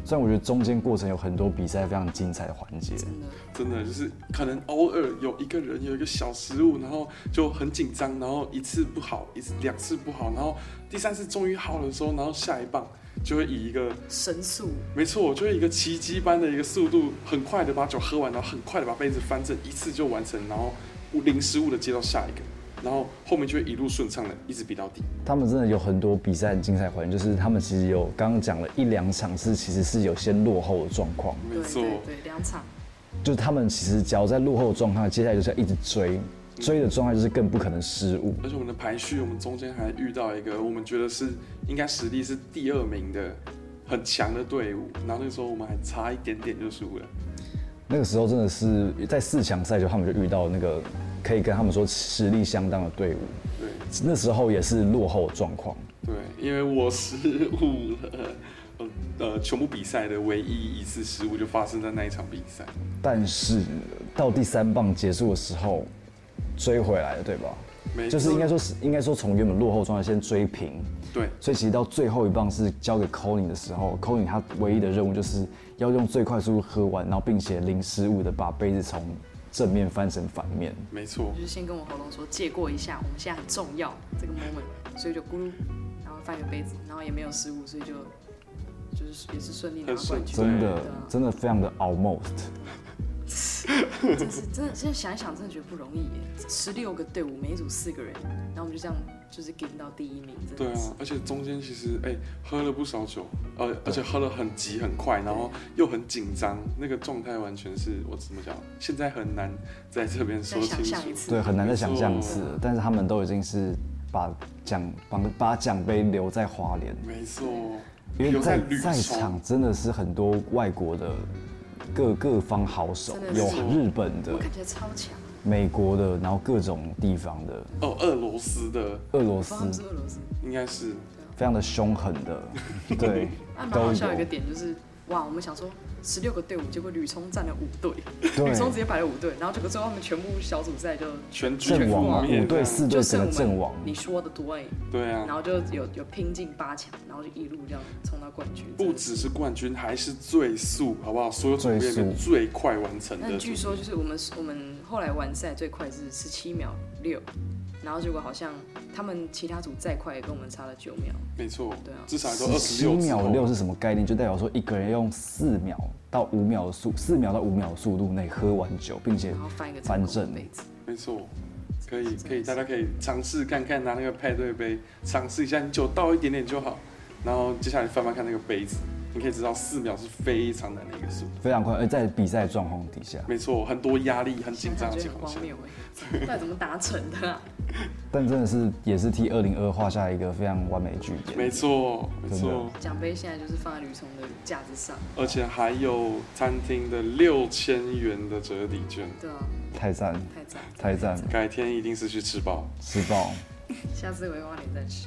雖然我覺得中間過程有很多比賽非常精彩的環節，真的，真的就是可能偶爾有一個人有一個小失誤，然後就很緊張，然後一次不好，一次，兩次不好，然後第三次終於好了的時候，然後下一棒就會以一個神速，沒錯，就是一個奇蹟般的一個速度，很快的把酒喝完，然後很快的把杯子翻正，一次就完成，然後無零失誤的接到下一個。然後後面就會一路順暢的一直比到底。他們真的有很多比賽的精彩還原，就是他們其實有剛剛講了一兩場是其實是有先落後的狀況。沒錯，對，兩場。就是他們其實只要在落後的狀態，接下來就是要一直追，追的狀態就是更不可能失誤。而且我們的排序，我們中間還遇到一個我們覺得是應該實力是第二名的很強的隊伍，然後那個時候我們還差一點點就輸了。那個時候真的是在四強賽就他們就遇到那個。可以跟他們說實力相當的隊伍。對，那時候也是落後的狀況。對，因為我失誤了，呃，全部比賽的唯一一次失誤就發生在那一場比賽。但是到第三棒結束的時候，追回來了，對吧？沒錯。就是應該說是，應該說從原本落後狀態先追平。對。所以其實到最後一棒是交給 Connie 的時候，Connie 他唯一的任務就是要用最快速度喝完，然後並且零失誤的把杯子從。正面翻成反面。沒錯，就是先跟我喉嚨說借過一下，我們現在很重要這個 moment，所以就咕嚕，然後翻個杯子，然後也沒有失誤，所以就就是也是順利拿冠軍，真的真的非常的 almost。真 (laughs) 是真的，現在想一想，真的覺得不容易。十六個隊伍，每一組四個人，然後我們就這樣就是給到第一名。對啊，而且中間其實哎、欸，喝了不少酒，而而且喝的很急很快，然後又很緊張，那個狀態完全是，我怎麼講？現在很難在這邊說清楚。對，對很難再想象一次。但是他們都已經是把獎把把獎杯留在花蓮，沒錯，因為在在場真的是很多外國的。各各方好手，有日本的，我感覺超強，美國的，然後各種地方的，哦，俄羅斯的，俄羅斯，俄羅斯，應該是，非常的凶狠的， (laughs) 對。啊、笑一個點、就是哇，我們想說十六個隊伍，結果旅充占了五隊，旅充直接擺了五隊，然後結果最後他們全部小組賽就全陣亡，五隊四隊就陣亡。你說的對對啊，然後就有有拼進八強，然後就一路這樣衝到冠軍。不只是冠軍，還是最速，好不好？所有組別是最快完成的。但據說就是我們我們後來完賽最快是十七秒六。然後結果好像他們其他組再快也跟我們差了九秒，沒錯，對啊，至少都二十六秒六是什麼概念？就代表說一個人用四秒到五秒速，四秒到五秒速度內喝完酒，並且然後翻一個正杯子，沒錯，可以可以，大家可以嘗試看看拿那個派對杯嘗試一下，你酒倒一點點就好，然後接下來翻翻看那個杯子。你可以知道四秒是非常的難的一個速度，非常快，而，欸、在比賽狀況底下，沒錯，很多壓力，很緊張，很荒謬，不知道怎麼達成的。 (laughs) 但真的是也是替二零二二畫下一個非常完美句點。沒錯，沒錯，獎杯現在就是放在旅充的架子上，而且還有餐廳的六千元的折抵券，對啊，太讚，太讚，太讚了，改天一定是去吃飽，吃飽， (laughs) 下次我會幫你。再吃。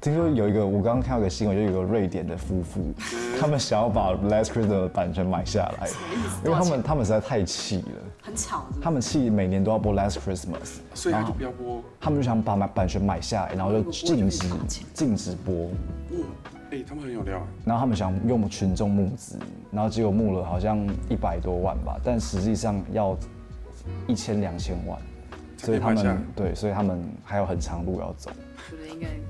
聽說有一個，我剛剛看到一個新聞，就有一個瑞典的夫婦，他們想要把 Last Christmas 的版權買下來，因為他們他們實在太氣了。很巧。他們氣每年都要播 Last Christmas，所以他們就不要播。他們就想把買版權買下來，然後就禁止禁止播。哎，他們很有料，然後他們想用群眾募資，然後結果募了好像一百多萬吧，但實際上要一千兩千萬，所以他們對，所以他們還有很長路要走。可能應該。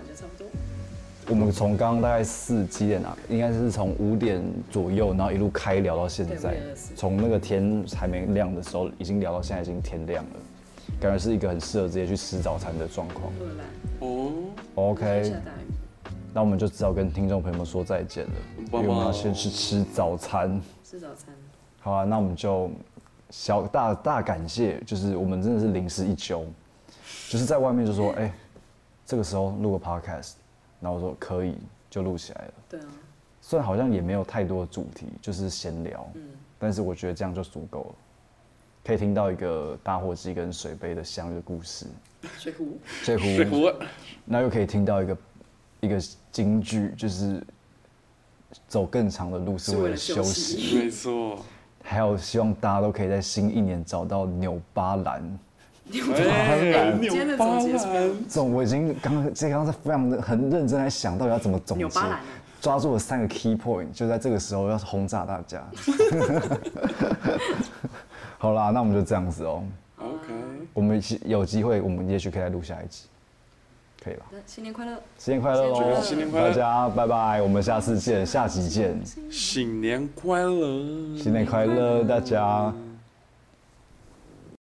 我們從剛剛大概四幾點啊，應該是從五點左右，然後一路開聊到現在，從那個天還沒亮的時候，已經聊到現在，已經天亮了，感覺是一個很適合直接去吃早餐的狀況。哦，OK。那我們就只好跟聽眾朋友們說再見了，因為我們要先去吃早餐。吃早餐。好啊，那我們就小大大感謝，就是我們真的是臨時一揪，就是在外面就說，哎、欸，這個時候錄個 podcast。然後我說可以，就錄起來了。對啊，雖然好像也沒有太多的主題，就是閒聊、嗯，但是我覺得這樣就足夠了，可以聽到一個打火機跟水杯的相遇故事，水壺，水壺，水壺，那又可以聽到一個一個金句，就是走更長的路是為了休息，休息沒錯。還有，希望大家都可以在新一年找到紐巴蘭。哎呀！ (music) 欸、你今天的總結，總我已經剛剛，這剛剛在非常的很認真在想，到底要怎麼總結，抓住了三個 key point，就在這個時候要轟炸大家。 (laughs) (laughs) 好啦，那我們就這樣子哦、喔。OK。我們有機會，我們也許可以來錄下一集，可以吧？新年快樂！新年快樂嘍！新年快樂！大家拜拜，我們下次見，下集見。新年快樂！新年快樂，大家。